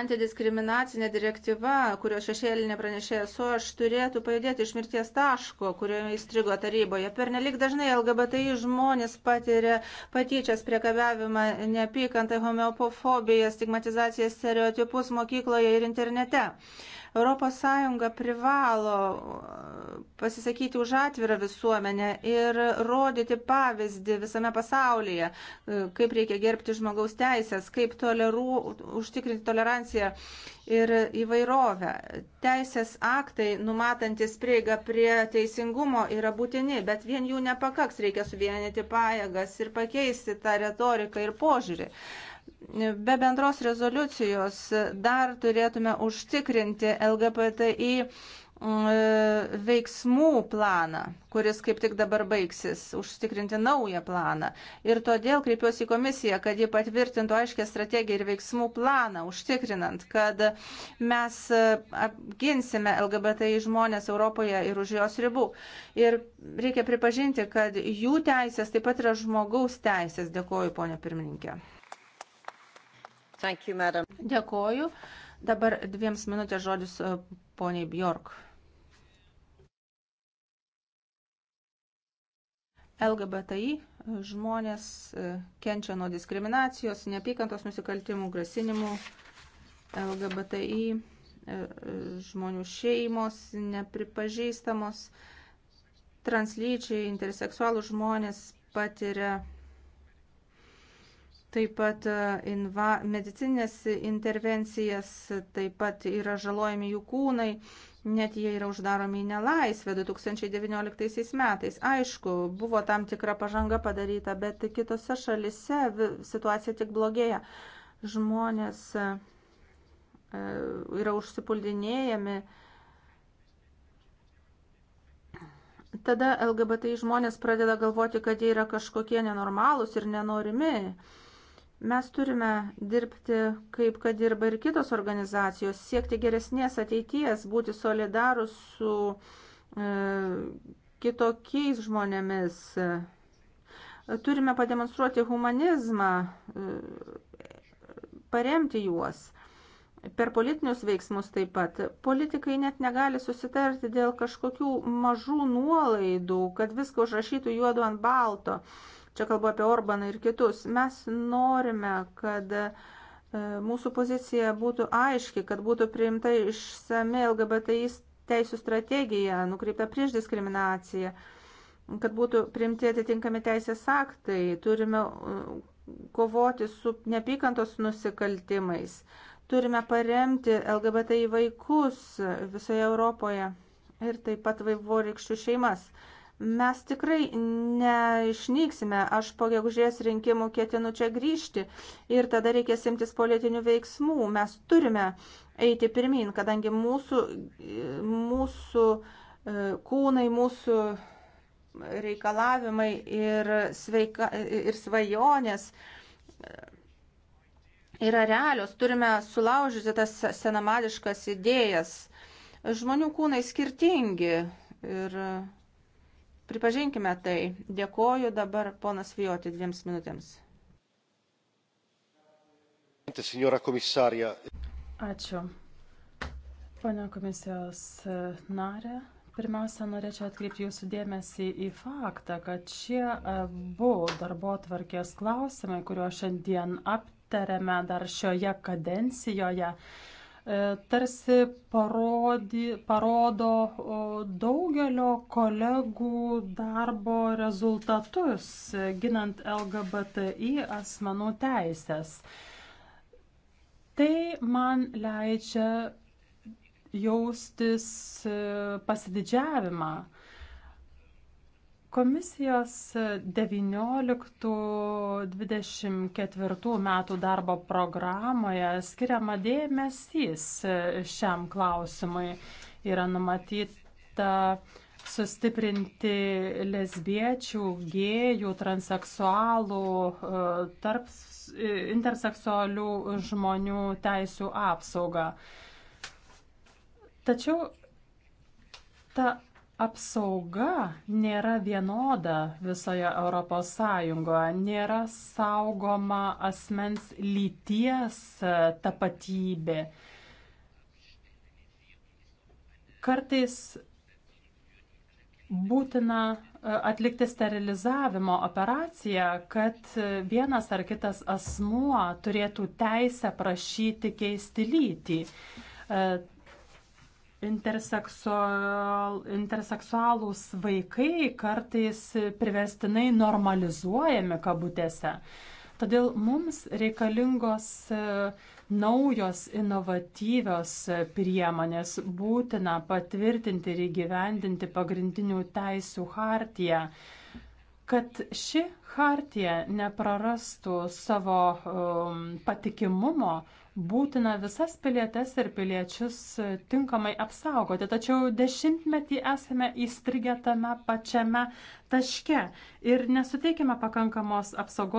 antidiskriminacinė direktyva, kurio šešėlinė pranešė esu, aš turėtų pajudėti iš mirties taško, kurio įstrigo taryboje. Per nelik dažnai LGBTI žmonės patiria patyčias, priekabiavimą, neapykantą, homeopofobiją, stigmatizaciją, stereotipus mokykloje ir internete. ES privalo uh, pasisakyti už atvirą visuomenę ir rodyti pavyzdį visame pasaulyje, uh, kaip reikia gerbti žmogaus teisės, kaip toleru, užtikrinti toleranciją ir įvairovę. Teisės aktai, numatantis prieigą prie teisingumo, yra būtini, bet vien jų nepakaks, reikia suvienyti pajėgas ir pakeisti tą retoriką ir požiūrį. Be bendros rezoliucijos dar turėtume užtikrinti LGBTI mm, e, veiksmų planą, kuris kaip tik dabar baigsis, užtikrinti naują planą. Ir todėl kreipiuosi į komisiją, kad ji patvirtintų aiškę strategiją ir veiksmų planą, užtikrinant, kad mes e, apginsime LGBTI žmonės Europoje ir už jos ribų. Ir reikia pripažinti, kad jų teisės taip pat yra žmogaus teisės. Dėkuoju, ponė pirmininkė. Thank you, madam. Dėkoju. Dabar dviems minutės žodis e, poniai Bjork. LGBTI e, žmonės e, kenčia nuo diskriminacijos, neapykantos nusikaltimų, grasinimų. LGBTI žmonių šeimos nepripažįstamos, translyčiai, interseksualų žmonės patiria taip pat e, inva, medicinės intervencijas, taip pat yra žalojami jų kūnai, net jie yra uždaromi į nelaisvę 2019 metais. Aišku, buvo tam tikra pažanga padaryta, bet kitose šalise situacija tik blogėja. Žmonės e, e, yra užsipuldinėjami. Tada LGBT žmonės pradeda galvoti, kad jie yra kažkokie nenormalūs ir nenorimi. Mes turime dirbti, kaip kad dirba ir kitos organizacijos, siekti geresnės ateities, būti solidarus su e, kitokiais žmonėmis. Turime pademonstruoti humanizmą, e, paremti juos per politinius veiksmus taip pat. Politikai net negali susitarti dėl kažkokių mažų nuolaidų, kad viską užrašytų juodu ant balto čia kalbu apie Orbaną ir kitus, mes norime, kad e, mūsų pozicija būtų aiški, kad būtų priimta išsami LGBTI teisų strategija, nukreipta prieš diskriminaciją, kad būtų priimti atitinkami teisės aktai, turime e, kovoti su nepykantos nusikaltimais, turime paremti LGBTI vaikus visoje Europoje ir taip pat vaivorykščių šeimas mes tikrai neišnyksime. Aš po gegužės rinkimų ketinu čia grįžti ir tada reikės imtis politinių veiksmų. Mes turime eiti pirmin, kadangi mūsų, mūsų e, kūnai, mūsų reikalavimai ir, sveika, ir svajonės e, yra realios. Turime sulaužyti tas senamadiškas idėjas. Žmonių kūnai skirtingi ir Pripažinkime tai. Dėkoju dabar ponas Vijoti dviems minutėms. Ačiū. Pone komisijos narė, pirmiausia, norėčiau atkreipti jūsų dėmesį į faktą, kad šie abu darbo tvarkės klausimai, kuriuos šiandien aptarėme dar šioje kadencijoje, E, tarsi parodi, parodo daugelio kolegų darbo rezultatus e, ginant LGBTI asmenų teisės. Tai man leidžia jaustis e, pasididžiavimą Komisijos 19-24 metų darbo programoje skiriama dėmesys šiam klausimui. Yra numatyta sustiprinti lesbiečių, gėjų, transseksualų, e, tarp, e, interseksualių žmonių teisų apsaugą. Tačiau ta apsauga nėra vienoda visoje Europos Sąjungoje, nėra saugoma asmens lyties e, tapatybė. Kartais būtina e, atlikti sterilizavimo operaciją, kad vienas ar kitas asmuo turėtų teisę prašyti keisti lytį e, interseksual, interseksualūs vaikai kartais priverstinai normalizuojami kabutėse. Todėl mums reikalingos e, naujos inovatyvios priemonės būtina patvirtinti ir įgyvendinti pagrindinių teisių hartiją, kad ši hartija neprarastų savo um, patikimumo, būtina visas pilietes ir piliečius e, tinkamai apsaugoti. Tačiau dešimtmetį esame įstrigę tame pačiame taške ir nesuteikime pakankamos apsaugos